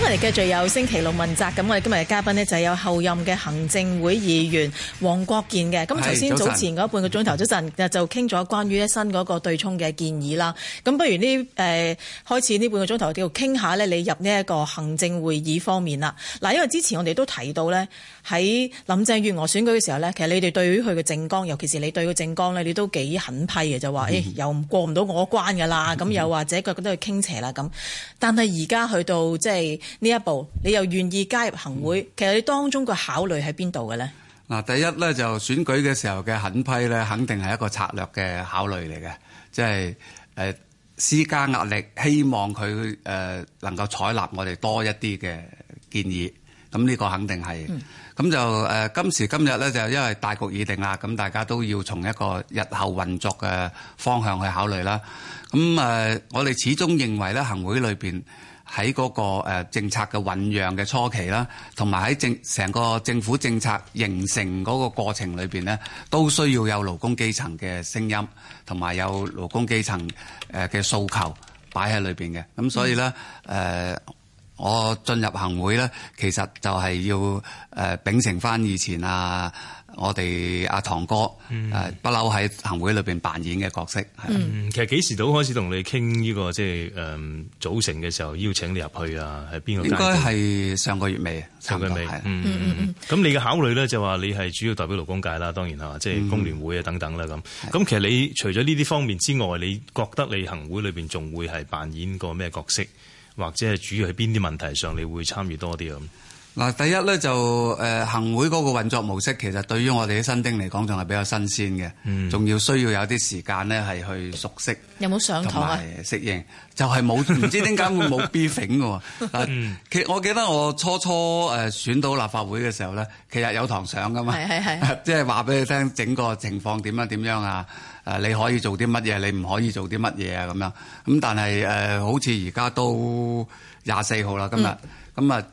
今日嚟繼續有星期六問責，咁我哋今日嘅嘉賓呢就係，有候任嘅行政會議員黃國健嘅。咁頭先早前嗰半個鐘頭嗰陣就傾咗關於一新嗰個對沖嘅建議啦。咁不如呢誒、呃、開始呢半個鐘頭繼續傾下呢你入呢一個行政會議方面啦。嗱，因為之前我哋都提到呢喺林鄭月娥選舉嘅時候咧，其實你哋對於佢嘅政綱，尤其是你對佢個政綱咧，你都幾狠批嘅，就話誒、哎、又過唔到我嘅關嘅啦，咁、嗯、又或者覺得佢傾斜啦咁。但係而家去到即係呢一步，你又願意加入行會，嗯、其實你當中個考慮喺邊度嘅咧？嗱，第一咧就選舉嘅時候嘅狠批咧，肯定係一個策略嘅考慮嚟嘅，即係誒施加壓力，希望佢誒能夠採納我哋多一啲嘅建議。咁呢個肯定係。嗯咁就誒今時今日咧，就因為大局已定啦，咁大家都要從一個日後運作嘅方向去考慮啦。咁誒，我哋始終認為咧，行會裏邊喺嗰個誒政策嘅醞釀嘅初期啦，同埋喺政成個政府政策形成嗰個過程裏邊咧，都需要有勞工基層嘅聲音，同埋有勞工基層誒嘅訴求擺喺裏邊嘅。咁所以咧，誒。我進入行會咧，其實就係要誒秉承翻以前啊，我哋阿唐哥不嬲喺行會裏面扮演嘅角色。嗯，是嗯，其實幾時都開始同你傾呢、呢個即係誒組成嘅時候，邀請你入去啊？係邊個階段？應該係上個月尾。上個月尾。嗯咁你嘅考慮咧，就話你係主要代表勞工界啦，當然係即係工聯會啊等等啦咁。咁、嗯、其實你除咗呢啲方面之外，的你覺得你行會裏面仲會係扮演個咩角色？或者係主要喺邊啲問題上，你會參與多啲咁？嗱，第一咧就誒、呃、行會嗰個運作模式，其實對於我哋啲新丁嚟講，仲係比較新鮮嘅，仲要、嗯、需要有啲時間咧係去熟悉。有冇上堂適應？就係冇，唔知點解會冇 briefing 喎。 嗯、其我記得我初初誒選到立法會嘅時候咧，其實有堂上噶嘛，即係話俾你聽整個情況點樣點樣啊。誒你可以做啲乜嘢，你唔可以做啲乜嘢啊咁樣，咁但係誒、呃、好似而家都廿四號啦，今日咁啊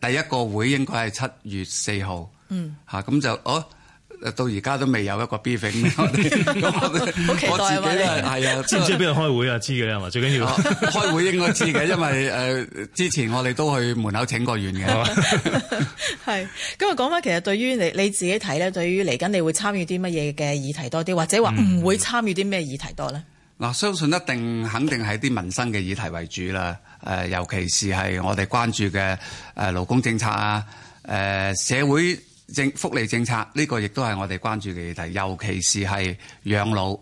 第一個會應該係七月四號，嗯嚇咁就哦。到而家都未有一個 briefing，咁我自己係啊，知唔知邊度開會啊？知嘅係嘛，最緊要 開會應該知嘅，因為誒、呃、之前我哋都去門口請過願嘅。係，咁啊講翻，其實對於你你自己睇咧，對於嚟緊你會參與啲乜嘢嘅議題多啲，或者話唔會參與啲咩議題多咧？嗱、嗯，相信一定肯定係啲民生嘅議題為主啦。誒、呃，尤其是係我哋關注嘅誒勞工政策啊，誒、呃、社會。政福利政策呢、這個亦都係我哋關注嘅議題，尤其是養老、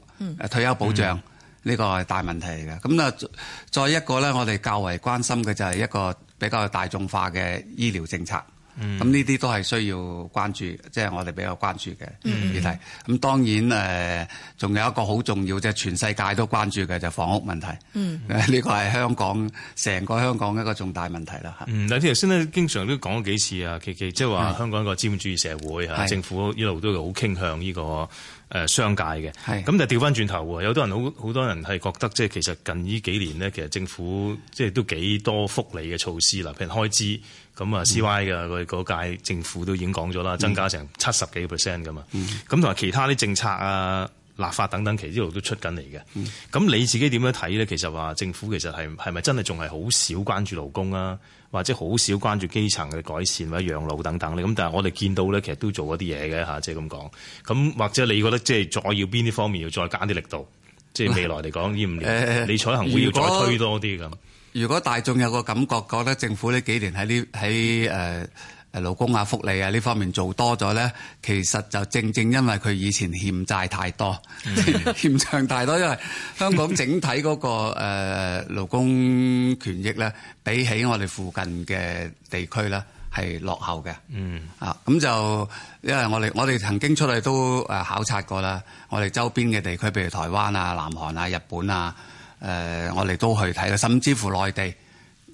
退休保障呢、嗯、個係大問題嚟嘅。咁啊，再一個咧，我哋較為關心嘅就係一個比較大眾化嘅醫療政策。咁呢啲都係需要關注，即係我哋比較關注嘅議題。咁當然誒，仲有一個好重要，即係全世界都關注嘅就係房屋問題。嗯，呢個係香港，嗯，成個香港一個重大問題啦嚇。嗱，你頭先咧，經常都講咗幾次啊，即係話香港一個資本主義社會是政府一路都好傾向呢個誒商界嘅。係是。咁但調返轉頭喎，有啲人好好多人係覺得，即係其實近呢幾年呢，其實政府即係都幾多福利嘅措施啦，譬如開支。咁啊，C Y 嘅佢嗰屆政府都已經講咗啦，增加成七十幾個 percent 嘅嘛。咁同埋其他啲政策啊、立法等等，其實一路都出緊嚟嘅。咁、嗯、你自己點樣睇咧？其實話政府其實係係咪真係仲係好少關注勞工啊，或者好少關注基層嘅改善或者養老等等咧？咁但係我哋見到咧，其實都做一啲嘢嘅嚇，即係咁講。咁或者你覺得即係再要邊啲方面要再加啲力度？ 即係未來嚟講呢五年，要要呃、你彩行會要再推多啲咁。如果大眾有個感覺，覺得政府呢幾年喺呢喺誒誒勞工啊、福利啊呢方面做多咗咧，其實就正正因為佢以前欠債太多、 欠帳太多，因為香港整體嗰個誒勞工權益咧，比起我哋附近嘅地區咧，係落後嘅。嗯啊，咁就因為我哋我哋曾經出嚟都誒考察過啦，我哋周邊嘅地區，譬如台灣啊、南韓啊、日本啊。誒、呃，我哋都去睇啦，甚至乎內地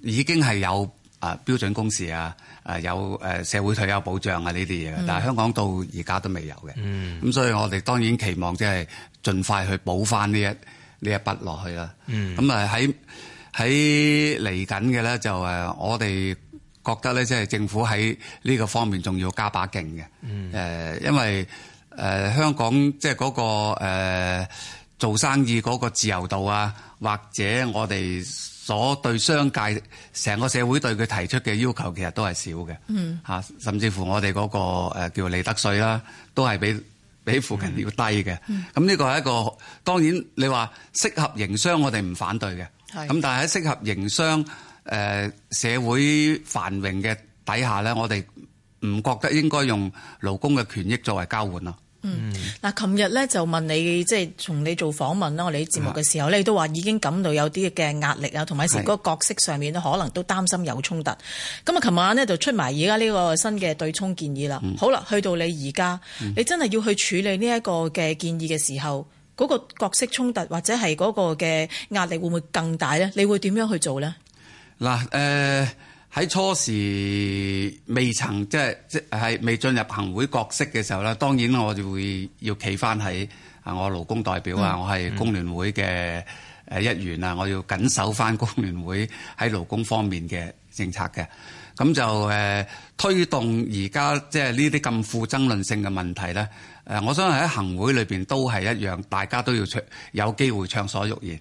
已經係有誒、呃、標準工時啊，有誒、呃、社會退休保障啊呢啲嘢，但係香港到而家都未有嘅，咁、mm. 嗯、所以我哋當然期望即係盡快去補翻呢一呢一筆落去啦。咁啊喺喺嚟緊嘅咧，就、呃、我哋覺得咧，即、就、係、是、政府喺呢個方面仲要加把勁嘅。誒、mm. 呃，因為誒、呃、香港即係嗰個、呃做生意嗰個自由度啊，或者我哋所對商界成個社會對佢提出嘅要求，其實都係少嘅。嗯。吓，甚至乎我哋嗰個誒叫利得稅啦，都係比比附近要低嘅。嗯。咁呢個係一個當然你話適合營商，我哋唔反對嘅。係。咁但係喺適合營商誒社會繁榮嘅底下咧，我哋唔覺得應該用勞工嘅權益作為交換咯。嗯，嗱，琴日咧就問你，即、就、係、是、從你做訪問啦，我哋節目嘅時候咧，你都話已經感到有啲嘅壓力啊，同埋嗰個角色上面咧，可能都擔心有衝突。咁啊的，琴晚咧就出埋而家呢個新嘅對沖建議啦。嗯、好啦，去到你而家，嗯、你真係要去處理呢一個嘅建議嘅時候，嗰、那個角色衝突或者係嗰個嘅壓力會唔會更大咧？你會點樣去做咧？嗱、嗯，呃喺初時未曾即係即係未進入行會角色嘅時候咧，當然我哋會要企翻喺啊，我勞工代表啊，嗯、我係工聯會嘅誒一員啊，嗯、我要緊守翻工聯會喺勞工方面嘅政策嘅。咁就誒、呃、推動而家即係呢啲咁富爭論性嘅問題咧，誒，我相信喺行會裏邊都係一樣，大家都要有機會暢所欲言。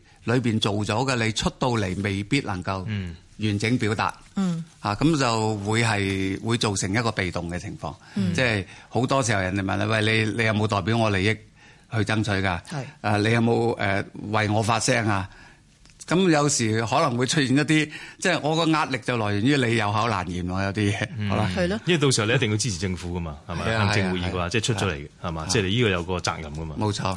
裏面做咗嘅，你出到嚟未必能夠完整表達吓，咁、嗯、就會係會造成一個被動嘅情況，嗯、即係好多時候人哋問你喂，你你有冇代表我利益去爭取㗎？是你有冇誒、呃、為我發聲啊？咁有時可能會出現一啲，即係我個壓力就來源於你有口難言我有啲嘢，係咯。因為到時候你一定要支持政府噶嘛，行政會議嘅話，即係出咗嚟，係嘛？即係你呢個有個責任噶嘛。冇錯。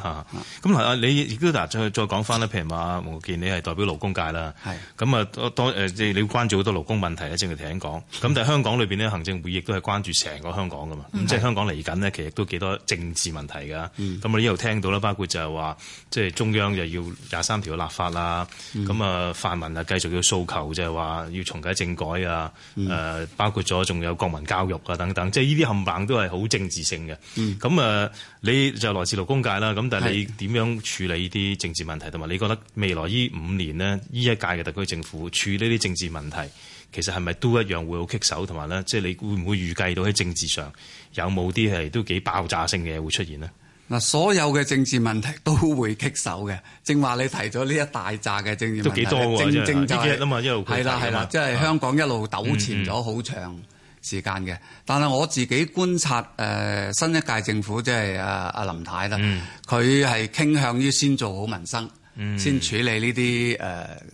咁啊，你亦都再再講翻，譬如話黃國健，你係代表勞工界啦。咁啊，當誒你關注好多勞工問題咧，正如頭先講。咁但係香港裏面咧，行政會議都係關注成個香港噶嘛。咁即係香港嚟緊呢，其實都幾多政治問題㗎。咁我呢度聽到啦，包括就係話，即係中央又要廿三條立法啦。咁啊，嗯、泛民啊，繼續要訴求就係話要重啟政改啊，嗯呃，包括咗仲有國民教育啊等等，即係呢啲冚唪唥都係好政治性嘅。咁啊，嗯嗯，你就來自勞工界啦，咁但係你點樣處理呢啲政治問題同埋是的 你覺得未來呢五年咧，呢一屆嘅特區政府處理啲政治問題，其實係咪都一樣會好棘手？同埋咧，即係你會唔會預計到喺政治上有冇啲係都幾爆炸性嘅嘢會出現咧？嗱，所有嘅政治問題都會棘手嘅，正話你提咗呢一大扎嘅政治問題，都幾多啊、正正就係、是、嘛，一路係啦係啦，即係香港一路糾纏咗好長時間嘅。嗯、但係我自己觀察誒、呃、新一屆政府，即係阿阿林太啦，佢係、嗯、傾向於先做好民生，嗯、先處理呢啲誒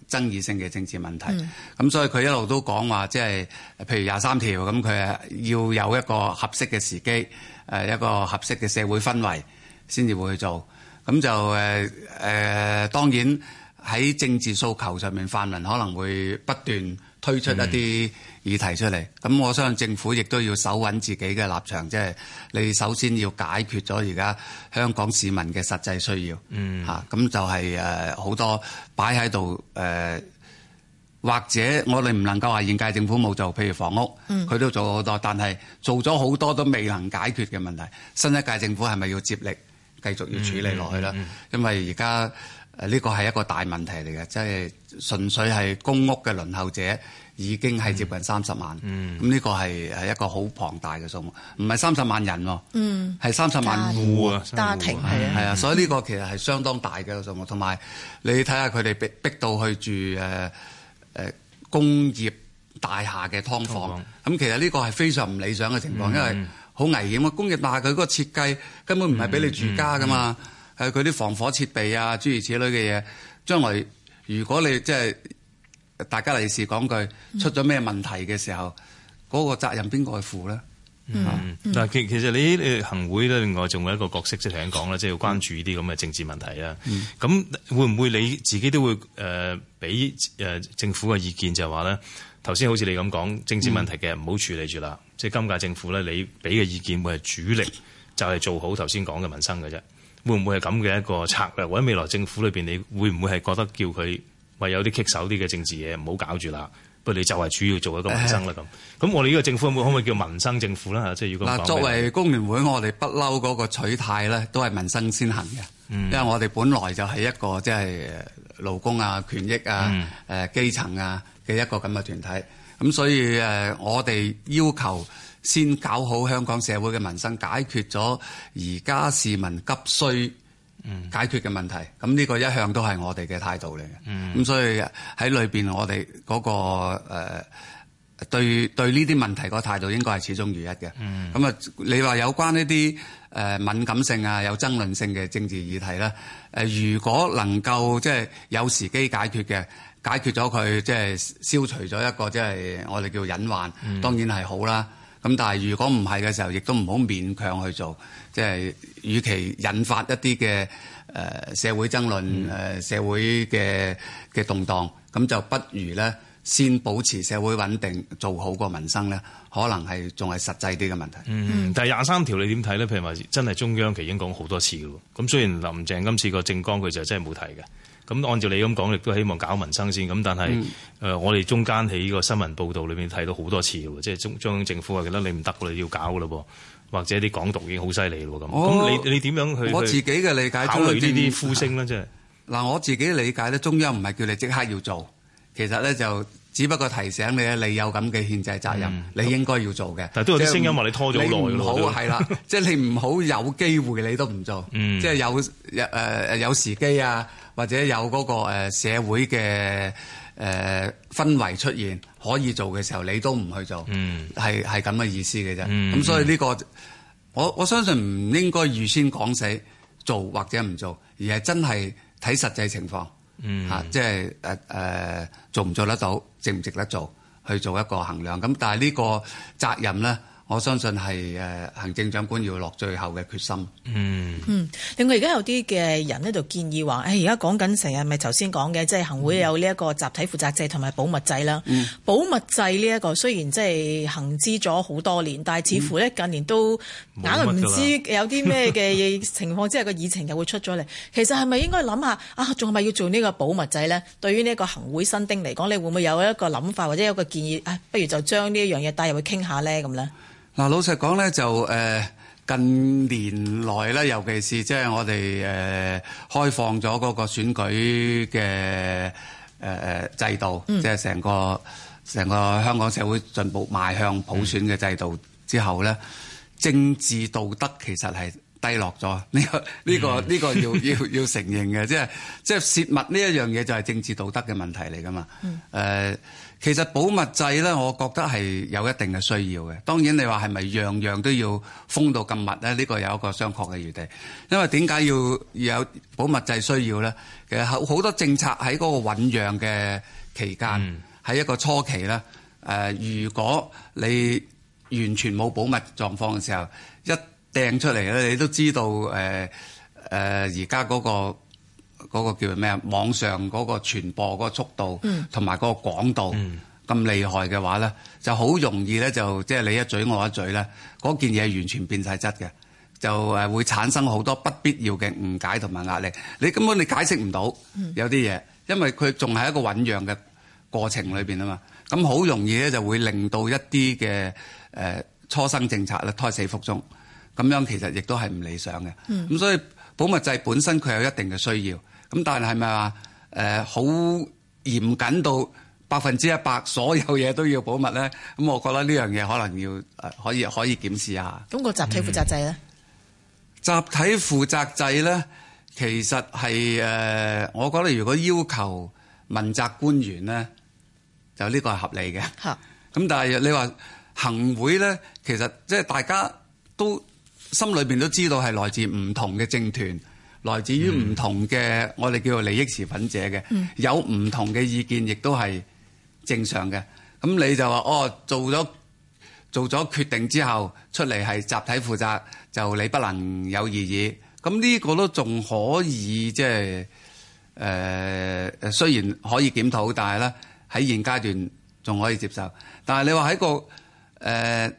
爭議性嘅政治問題。咁、嗯、所以佢一路都講話，即係譬如廿三條咁，佢要有一個合適嘅時機、呃，一個合適嘅社會氛圍。先至會去做，咁就誒誒、呃，當然喺政治訴求上面，泛民可能會不斷推出一啲議題出嚟。咁、mm. 我相信政府亦都要守穩自己嘅立場，即係你首先要解決咗而家香港市民嘅實際需要。嗯、mm. 啊，咁就係誒好多擺喺度誒，或者我哋唔能夠話現屆政府冇做，譬如房屋，佢、mm. 都做咗好多，但係做咗好多都未能解決嘅問題。新一屆政府係咪要接力？繼續要處理落去啦，嗯嗯、因為而家呢個係一個大問題嚟嘅，即係純粹係公屋嘅輪候者已經係接近三十萬，咁呢個係係一個好龐大嘅數目，唔係三十萬人喎，係三十萬戶啊庭，家庭係啊，啊啊所以呢個其實係相當大嘅數目，同埋你睇下佢哋逼逼到去住誒誒、呃、工業大廈嘅劏房，咁房其實呢個係非常唔理想嘅情況，嗯、因為。好危險！工業大廈佢嗰個設計根本唔係俾你住家㗎嘛，係佢啲防火設備啊諸如此類嘅嘢。將來如果你即係大家利是講句出咗咩問題嘅時候，嗰、那個責任邊個去負咧、嗯？嗯，嗱、嗯，其其實你行會咧，另外仲有一個角色即係點講咧，即、就、係、是就是、要關注呢啲咁嘅政治問題啊。咁、嗯、會唔會你自己都會誒俾誒政府嘅意見就係話咧？頭先好似你咁講政治問題嘅唔好處理住啦。嗯。即係今屆政府咧，你俾嘅意見會係主力，就係做好頭先講嘅民生嘅啫。會唔會係咁嘅一個策略？或者未來政府裏面，你會唔會係覺得叫佢話有啲棘手啲嘅政治嘢唔好搞住啦？不過你就係主要做一個民生啦咁。咁唉 我哋呢個政府可唔可以叫民生政府啦，即係如果作為工聯會，我哋不嬲嗰個取態咧，都係民生先行嘅。嗯、因為我哋本來就係一個即係勞工啊、權益啊、誒基層啊嘅一個咁嘅團體。咁所以誒，我哋要求先搞好香港社會嘅民生，解決咗而家市民急需解決嘅問題。咁呢、嗯、個一向都係我哋嘅態度嚟嘅。咁、嗯、所以喺裏邊、嗰個，我哋嗰個誒對對呢啲問題個態度，應該係始終如一嘅。咁啊、嗯，你話有關呢啲誒敏感性啊、有爭論性嘅政治議題咧？誒，如果能夠即係有時機解決嘅。解決咗佢，即係消除咗一個即係我哋叫隱患，當然係好啦。咁、嗯、但係如果唔係嘅時候，亦都唔好勉強去做。即係與其引發一啲嘅誒社會爭論、誒社會嘅嘅動盪，咁、嗯、就不如咧先保持社會穩定，做好個民生咧，可能係仲係實際啲嘅問題。嗯，但係廿三條你點睇咧？譬如話真係中央，其實已經講好多次㗎。咁雖然林鄭今次個政綱佢就真係冇提嘅。咁按照你咁講，亦都希望搞民生先。咁但係，誒、嗯呃，我哋中間喺個新聞報導裏面睇到好多次喎，即係中央政府話覺得你唔得你要搞喇喎，或者啲港獨已經好犀利啦咁。咁、哦、你你點樣去我、啊啊？我自己嘅理解考慮呢啲呼聲啦，即係嗱，我自己理解咧，中央唔係叫你即刻要做，其實咧就只不過提醒你你有咁嘅憲制責任，嗯、你應該要做嘅。但都有啲聲音話你拖咗好耐喎。好係啦，即係你唔好、 就是、有機會你都唔做，即係、嗯、有有時機啊！或者有嗰個社會嘅誒、呃、氛圍出現，可以做嘅時候，你都唔去做，係係咁嘅意思嘅啫。咁、mm hmm. 所以呢、呢個我我相信唔應該預先講死做或者唔做，而係真係睇實際情況嚇，即係誒誒做唔做得到，值唔值得做，去做一個衡量。咁但係呢個責任咧。我相信係誒行政長官要落最後嘅決心。嗯，嗯，另外而家有啲嘅人呢就建議話，誒而家講緊成日咪頭先講嘅，即係、就是、行會有呢一個集體負責制同埋保密制啦。嗯、保密制呢一個雖然即係行之咗好多年，但係似乎呢近年都硬係唔知有啲咩嘅嘢情況，即係個議程又會出咗嚟。其實係咪應該諗下啊？仲係咪要做呢個保密制呢？對於呢一個行會新丁嚟講，你會唔會有一個諗法或者一個建議？哎、不如就將呢一樣嘢帶入去傾下呢。咁呢。嗱，老實講咧，就誒近年來咧，尤其是即係我哋誒開放咗嗰個選舉嘅誒誒制度，即係成個成個香港社會進步，邁向普選嘅制度之後咧，嗯、政治道德其實係低落咗，呢、這個呢、這個呢、這個要、嗯、要要,要承認嘅， 即係即係泄密呢一樣嘢就係政治道德嘅問題嚟㗎嘛，誒、嗯。呃其實保密制咧，我覺得係有一定嘅需要嘅。當然你話係咪樣樣都要封到咁密咧？呢、這個有一個商榷嘅餘地。因為點解要有保密制需要咧？其實好好多政策喺嗰個醖釀嘅期間，喺、嗯、一個初期咧、呃，如果你完全冇保密狀況嘅時候，一掟出嚟咧，你都知道誒誒而家嗰個。.嗰個叫做咩啊？網上嗰個傳播嗰個速度同埋嗰個廣度咁厲害嘅話咧，就好容易咧就即係、就是、你一嘴我一嘴咧，嗰件嘢完全變晒質嘅，就誒會產生好多不必要嘅誤解同埋壓力。你根本你解釋唔到有啲嘢，因為佢仲係一個醞釀嘅過程裏面啊嘛，咁好容易咧就會令到一啲嘅誒初生政策咧胎死腹中，咁樣其實亦都係唔理想嘅。咁、嗯、所以保密制本身佢有一定嘅需要。咁但係咪話誒好嚴謹到百分之一百所有嘢都要保密咧？咁我覺得呢樣嘢可能要誒可以可以檢視下。嗰個集體負責制咧、嗯？集體負責制咧，其實係誒，我覺得如果要求問責官員咧，就呢個係合理嘅。嚇！咁的但係你話行會咧，其實即係大家都心裏邊都知道係來自唔同嘅政團。來自於唔同嘅，嗯、我哋叫做利益持份者嘅，嗯、有唔同嘅意見，亦都係正常嘅。咁你就話哦，做咗做咗決定之後出嚟係集體負責，就你不能有異議。咁呢個都仲可以，即係誒，雖然可以檢討，但係咧喺現階段仲可以接受。但係你話喺個誒喺、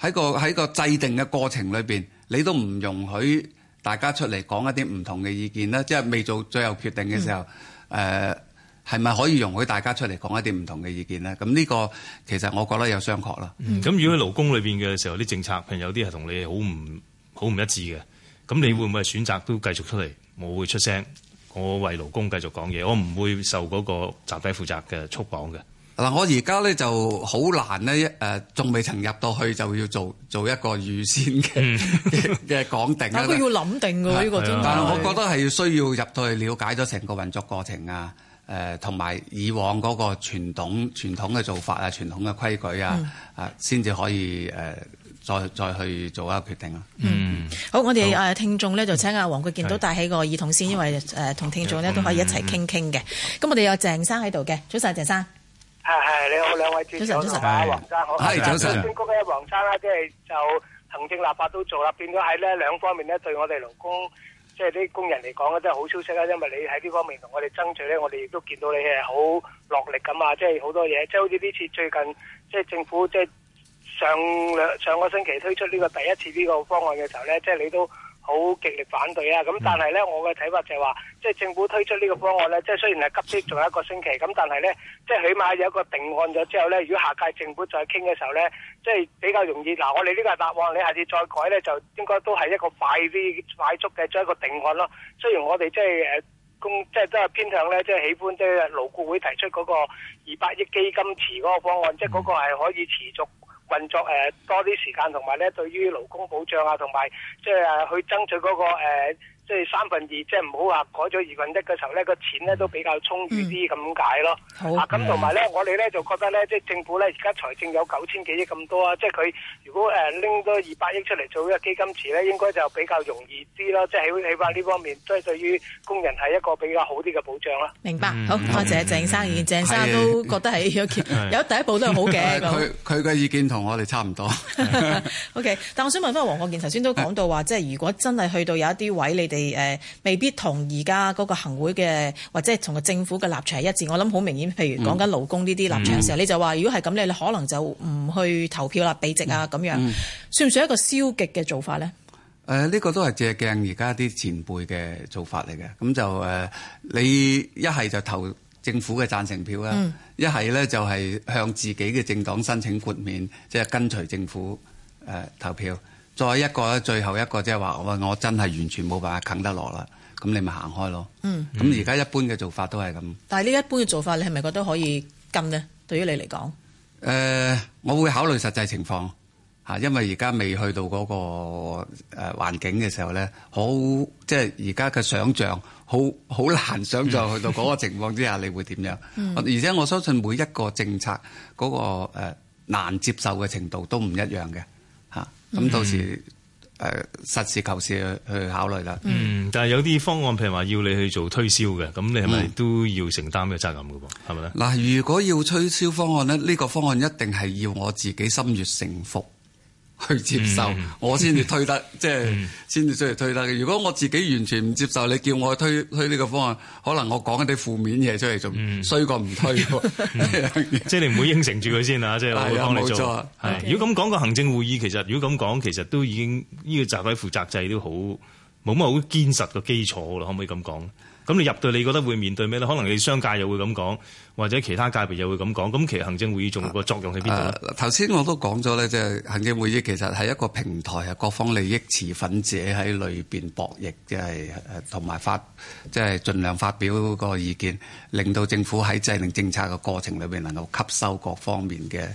呃、個喺個制定嘅過程裏面，你都唔容許。大家出嚟講一啲唔同嘅意見啦，即係未做最後決定嘅時候，誒係咪可以容許大家出嚟講一啲唔同嘅意見咧？咁呢個其實我覺得有商榷啦。咁如果喺勞工裏邊嘅時候啲政策係有啲係同你好唔好唔一致嘅，咁你會唔會選擇都繼續出嚟我會出聲？我為勞工繼續講嘢，我唔會受嗰個集體負責嘅束綁嘅。嗱，我而家咧就好難咧，誒仲未曾入到去就要做做一個預先嘅嘅 講定啦。但佢要諗定喎，呢個是真係。但係我覺得係要需要入到去了解咗成個運作過程啊，誒同埋以往嗰個傳統傳統嘅做法啊，傳統嘅規矩啊，啊先至可以誒、呃、再再去做一個決定咯。嗯，嗯、好，我哋誒聽眾咧就請阿黃國健都帶起個耳筒先，的因為誒同聽眾咧都可以一齊傾傾嘅。咁、嗯、我哋有鄭生喺度嘅，早晨，鄭生。係係，你好兩位主持，早晨。黃生好，係早晨上。邊個咧？黃生啦，即係就行政立法都做啦，變咗喺呢兩方面咧對我哋勞工，即係啲工人嚟講咧都係好消息啦，因為你喺呢方面同我哋爭取咧，我哋亦都見到你係、就是就是、好落力咁啊，即係好多嘢，即係好似呢次最近即係、就是、政府即係、就是、上兩上個星期推出呢個第一次呢個方案嘅時候咧，即、就、係、是、你都。好極力反對啊！咁但係呢，嗯、我嘅睇法就係話，即、就、係、是、政府推出呢個方案呢，即係雖然係急迫，仲有一個星期，咁但係呢，即係起碼有一個定案咗之後呢，如果下屆政府再傾嘅時候呢，即係比較容易。嗱、啊，我哋呢個答案，你下次再改呢，就應該都係一個快啲、快速嘅將一個定案咯。雖然我哋即係誒公，即、就、係、是、都係偏向呢，即、就、係、是、喜歡即係勞顧會提出嗰個二百億基金池嗰個方案，即係嗰個係可以持續。運作誒，多啲時間同埋咧對於勞工保障啊，同埋即係誒去爭取嗰個誒。呃即係三分二，即係唔好話改咗二分一嘅時候咧，個錢咧都比較充裕啲咁、嗯、解咯。好啊，咁同埋咧，我哋咧就覺得咧，即係政府咧而家財政有九千幾億咁多啊，即係佢如果誒拎多二百億出嚟做一個基金池咧，應該就比較容易啲咯。即係喺起翻呢方面，都係對於工人係一個比較好啲嘅保障啦。明白，好，多謝，謝鄭生，而鄭生都覺得係有，的有第一步都係好嘅。佢佢嘅意見同我哋差唔多。 OK，但我想問翻黃國健，頭先都講到話，即係的如果真係去到有一啲位，你哋。係誒，未必同而家嗰個行會嘅或者係同個政府嘅立場一致。我諗好明顯，譬如講緊勞工呢啲立場時候，嗯、你就話如果係咁咧，你可能就唔去投票啦，避席啊咁樣，嗯、算唔算一個消極嘅做法咧？誒、呃、呢、這個都係借鏡而家啲前輩嘅做法嚟嘅。咁就誒、呃，你一係就投政府嘅贊成票啦，一係咧就係、是、向自己嘅政黨申請豁免，即、就、係、是、跟隨政府誒、呃、投票。再一個咧，最後一個即係話：我、就是、我真係完全冇辦法啃得落啦。咁你咪行開咯。嗯。咁而家一般嘅做法都係咁。但係呢一般嘅做法，你係咪覺得可以跟呢？對於你嚟講？誒、呃，我會考慮實際情況吓，因為而家未去到嗰個誒環境嘅時候咧，好即係而家嘅想像，好好難想像去到嗰個情況之下，你會點樣？嗯、而且我相信每一個政策嗰個誒難接受嘅程度都唔一樣嘅。咁、嗯、到時誒、呃，實事求是去考慮啦。嗯，但係有啲方案譬如話要你去做推銷嘅，咁你係咪都要承擔呢個責任㗎噃？係咪咧？嗱，如果要推銷方案咧，呢、呢個方案一定係要我自己心悅誠服。去接受，嗯、我先至推得，嗯、即係先至出嚟推得嘅。如果我自己完全唔接受，你叫我去推推呢個方案，可能我講一啲負面嘢出嚟做，衰過唔推。嗯、 即係你唔會應承住佢先啊？即係 我幫你做。係錯對如果咁講個行政會議，其實如果咁講，其實都已經呢、這個集體負責制都好冇乜好堅實個基礎咯。可唔可以咁講？咁你入到，你覺得會面對咩咧？可能你商界又會咁講，或者其他界別又會咁講。咁其實行政會議仲有個作用喺邊度咧？頭先、啊啊、我都講咗咧，即、就係、行政會議其實係一個平台，係各方利益持份者喺裏面博弈，即係同埋發，即、就、係、是、盡量發表個意見，令到政府喺制定政策嘅過程裏面能夠吸收各方面嘅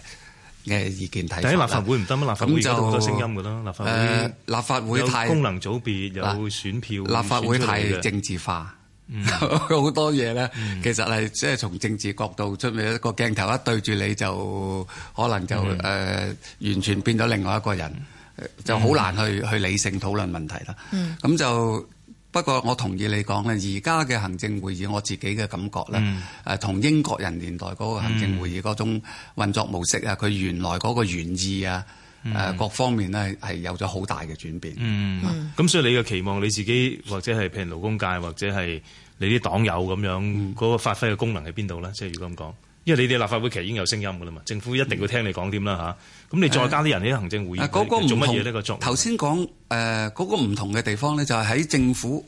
嘅意見睇法。立法會唔得咩？咁、啊、就立法會好多聲音嘅啦。立法會，啊、立法會太有功能組別，有選票、啊。立法會太政治化。啊。好、嗯、 多嘢咧，其實係即係從政治角度出嚟，嗯、一個鏡頭一對住你就可能就誒、嗯呃、完全變咗另外一個人，嗯、就好難去去理性討論問題啦。咁、嗯、就不過我同意你講咧，而家嘅行政會議，我自己嘅感覺咧，同、嗯、英國人年代嗰個行政會議嗰種運作模式啊，佢、嗯、原來嗰個原意啊。誒、嗯、各方面咧係有咗好大嘅轉變。嗯，咁、嗯、所以你嘅期望，你自己或者係譬如勞工界，或者係你啲黨友咁樣，嗰、嗯、個發揮嘅功能喺邊度咧？即係如果咁講，因為你哋立法會其實已經有聲音嘅啦嘛，政府一定要聽你講添啦嚇。咁、嗯啊、你再加啲人喺行政會議，哎、做乜嘢呢個作用？頭先講誒嗰個唔同嘅地方咧，就係喺政府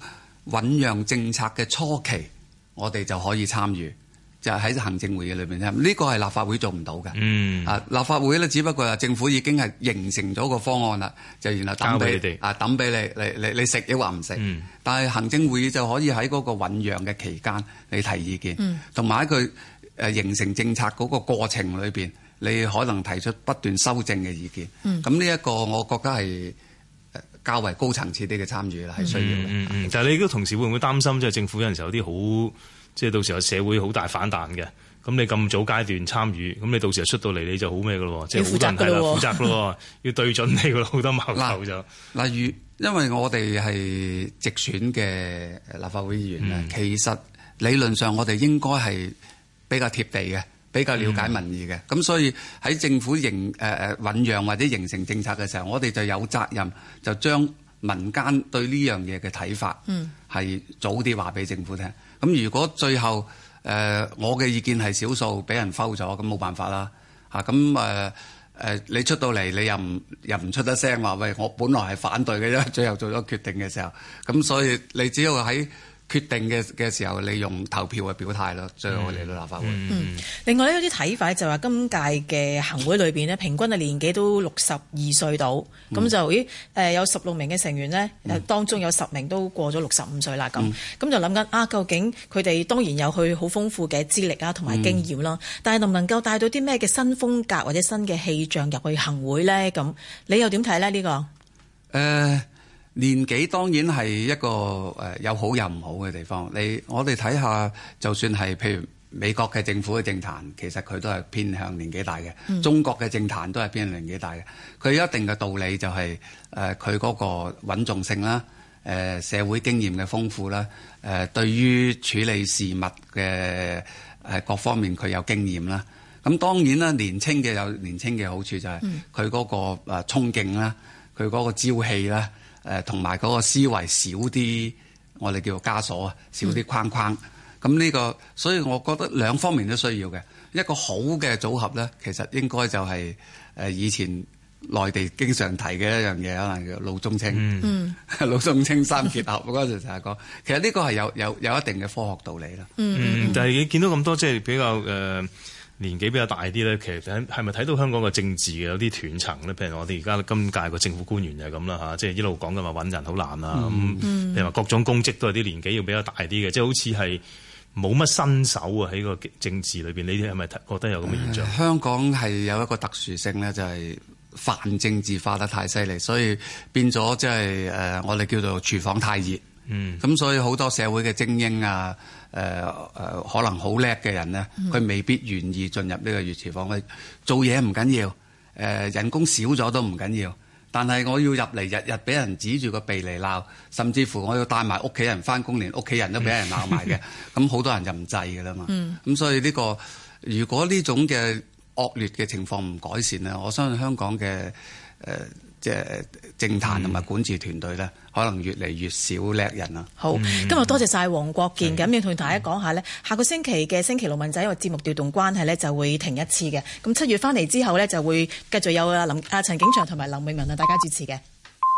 醞釀政策嘅初期，我哋就可以參與。就喺行政會議裏邊呢個係立法會做唔到嘅。啊、嗯，立法會咧，只不過啊，政府已經係形成咗個方案啦，就然後等俾啊等俾你，你你你食亦話唔食。嗯、但係行政會議就可以喺嗰個醖釀嘅期間，你提意見，同埋喺佢誒形成政策嗰個過程裏邊，你可能提出不斷修正嘅意見。咁呢一個，我覺得係較為高層次啲嘅參與啦，係需要嘅。嘅。嗯，就係你都同時會唔會擔心，即係政府有陣時候有啲好。即係到時候社會好大反彈嘅，咁你咁早階段參與，咁你到時候出到嚟，你就好咩嘅咯？即係好多人啦，負責咯， 要對準你個好多矛頭就例如，因為我哋係直選嘅立法會議員、嗯、其實理論上我哋應該係比較貼地嘅，比較了解民意嘅。咁、嗯、所以喺政府形誒誒醖釀或者形成政策嘅時候，我哋就有責任就將民間對呢樣嘢嘅睇法，係早啲話俾政府聽。嗯咁如果最後誒、呃、我嘅意見係少數，俾人摟咗，咁冇辦法啦，嚇咁，誒你出到嚟，你又唔又唔出得聲話，喂！我本來係反對嘅，因最後做咗決定嘅時候，咁所以你只要喺。決定嘅嘅時候，你用投票嘅表態咯，將我哋嚟到立法會。嗯，嗯另外呢有啲睇法就話，今屆嘅行會裏面呢，平均嘅年紀都六十二歲到，咁、嗯、就咦有十六名嘅成員呢，嗯、當中有十名都過咗六十五歲啦，咁咁、嗯、就諗緊啊，究竟佢哋當然有佢好豐富嘅資歷啊，同埋經驗啦，嗯、但係能唔能夠帶到啲咩嘅新風格或者新嘅氣象入去行會呢？咁你又點睇呢？呢個、呃年紀當然係一個有好有唔好嘅地方。你我哋睇下，就算係譬如美國嘅政府嘅政壇，其實佢都係偏向年紀大嘅。嗯、中國嘅政壇都係偏向年紀大嘅。佢有一定嘅道理就係佢嗰個穩重性啦、呃，社會經驗嘅豐富啦，誒、呃、對於處理事物嘅、呃、各方面佢有經驗啦。咁當然啦，年輕嘅有年輕嘅好處就係佢嗰個誒衝勁啦，佢嗰個朝氣啦。誒同埋嗰個思維少啲，我哋叫做枷鎖啊，少啲框框。咁呢、嗯呢個，所以我覺得兩方面都需要嘅。一個好嘅組合咧，其實應該就係以前內地經常提嘅一樣嘢，可能叫老中青，嗯、 老中青三結合嗰陣就係講，其實呢個係有有有一定嘅科學道理啦。嗯，嗯但，但係你見到咁多即係比較誒。呃年紀比較大啲咧，其實喺係咪睇到香港嘅政治嘅有啲斷層咧？譬如我哋而家今屆個政府官員就係咁啦嚇，即係一路講嘅話揾人好難啊，咁，嗯，嗯，譬如話各種公職都係啲年紀要比較大啲嘅，即係好似係冇乜新手啊喺個政治裏邊，呢啲係咪覺得有咁嘅現象？香港係有一個特殊性咧，就係泛政治化得太犀利，所以變咗即係誒，我哋叫做廚房太熱，嗯，咁所以好多社會嘅精英啊。誒、呃呃、可能好叻嘅人咧，佢、嗯、未必願意進入呢個月池房。做嘢唔緊要，人、呃、工少咗都唔緊要。但係我要入嚟日日俾人指住個鼻嚟鬧，甚至乎我要帶埋屋企人返工，連屋企人都俾人鬧埋嘅。咁好、嗯、 多人就唔制㗎啦嘛。咁、嗯、所以呢、呢個如果呢種嘅惡劣嘅情況唔改善咧，我相信香港嘅誒。呃即係政壇同埋管治團隊咧，嗯、可能越嚟越少叻人啦。好，今日多謝晒黃國健咁，的要同大家講下咧，下個星期嘅星期六問仔因為節目調動關係咧就會停一次嘅。咁七月翻嚟之後咧就會繼續有啊林啊陳景祥同埋林詠雯啊大家主持嘅。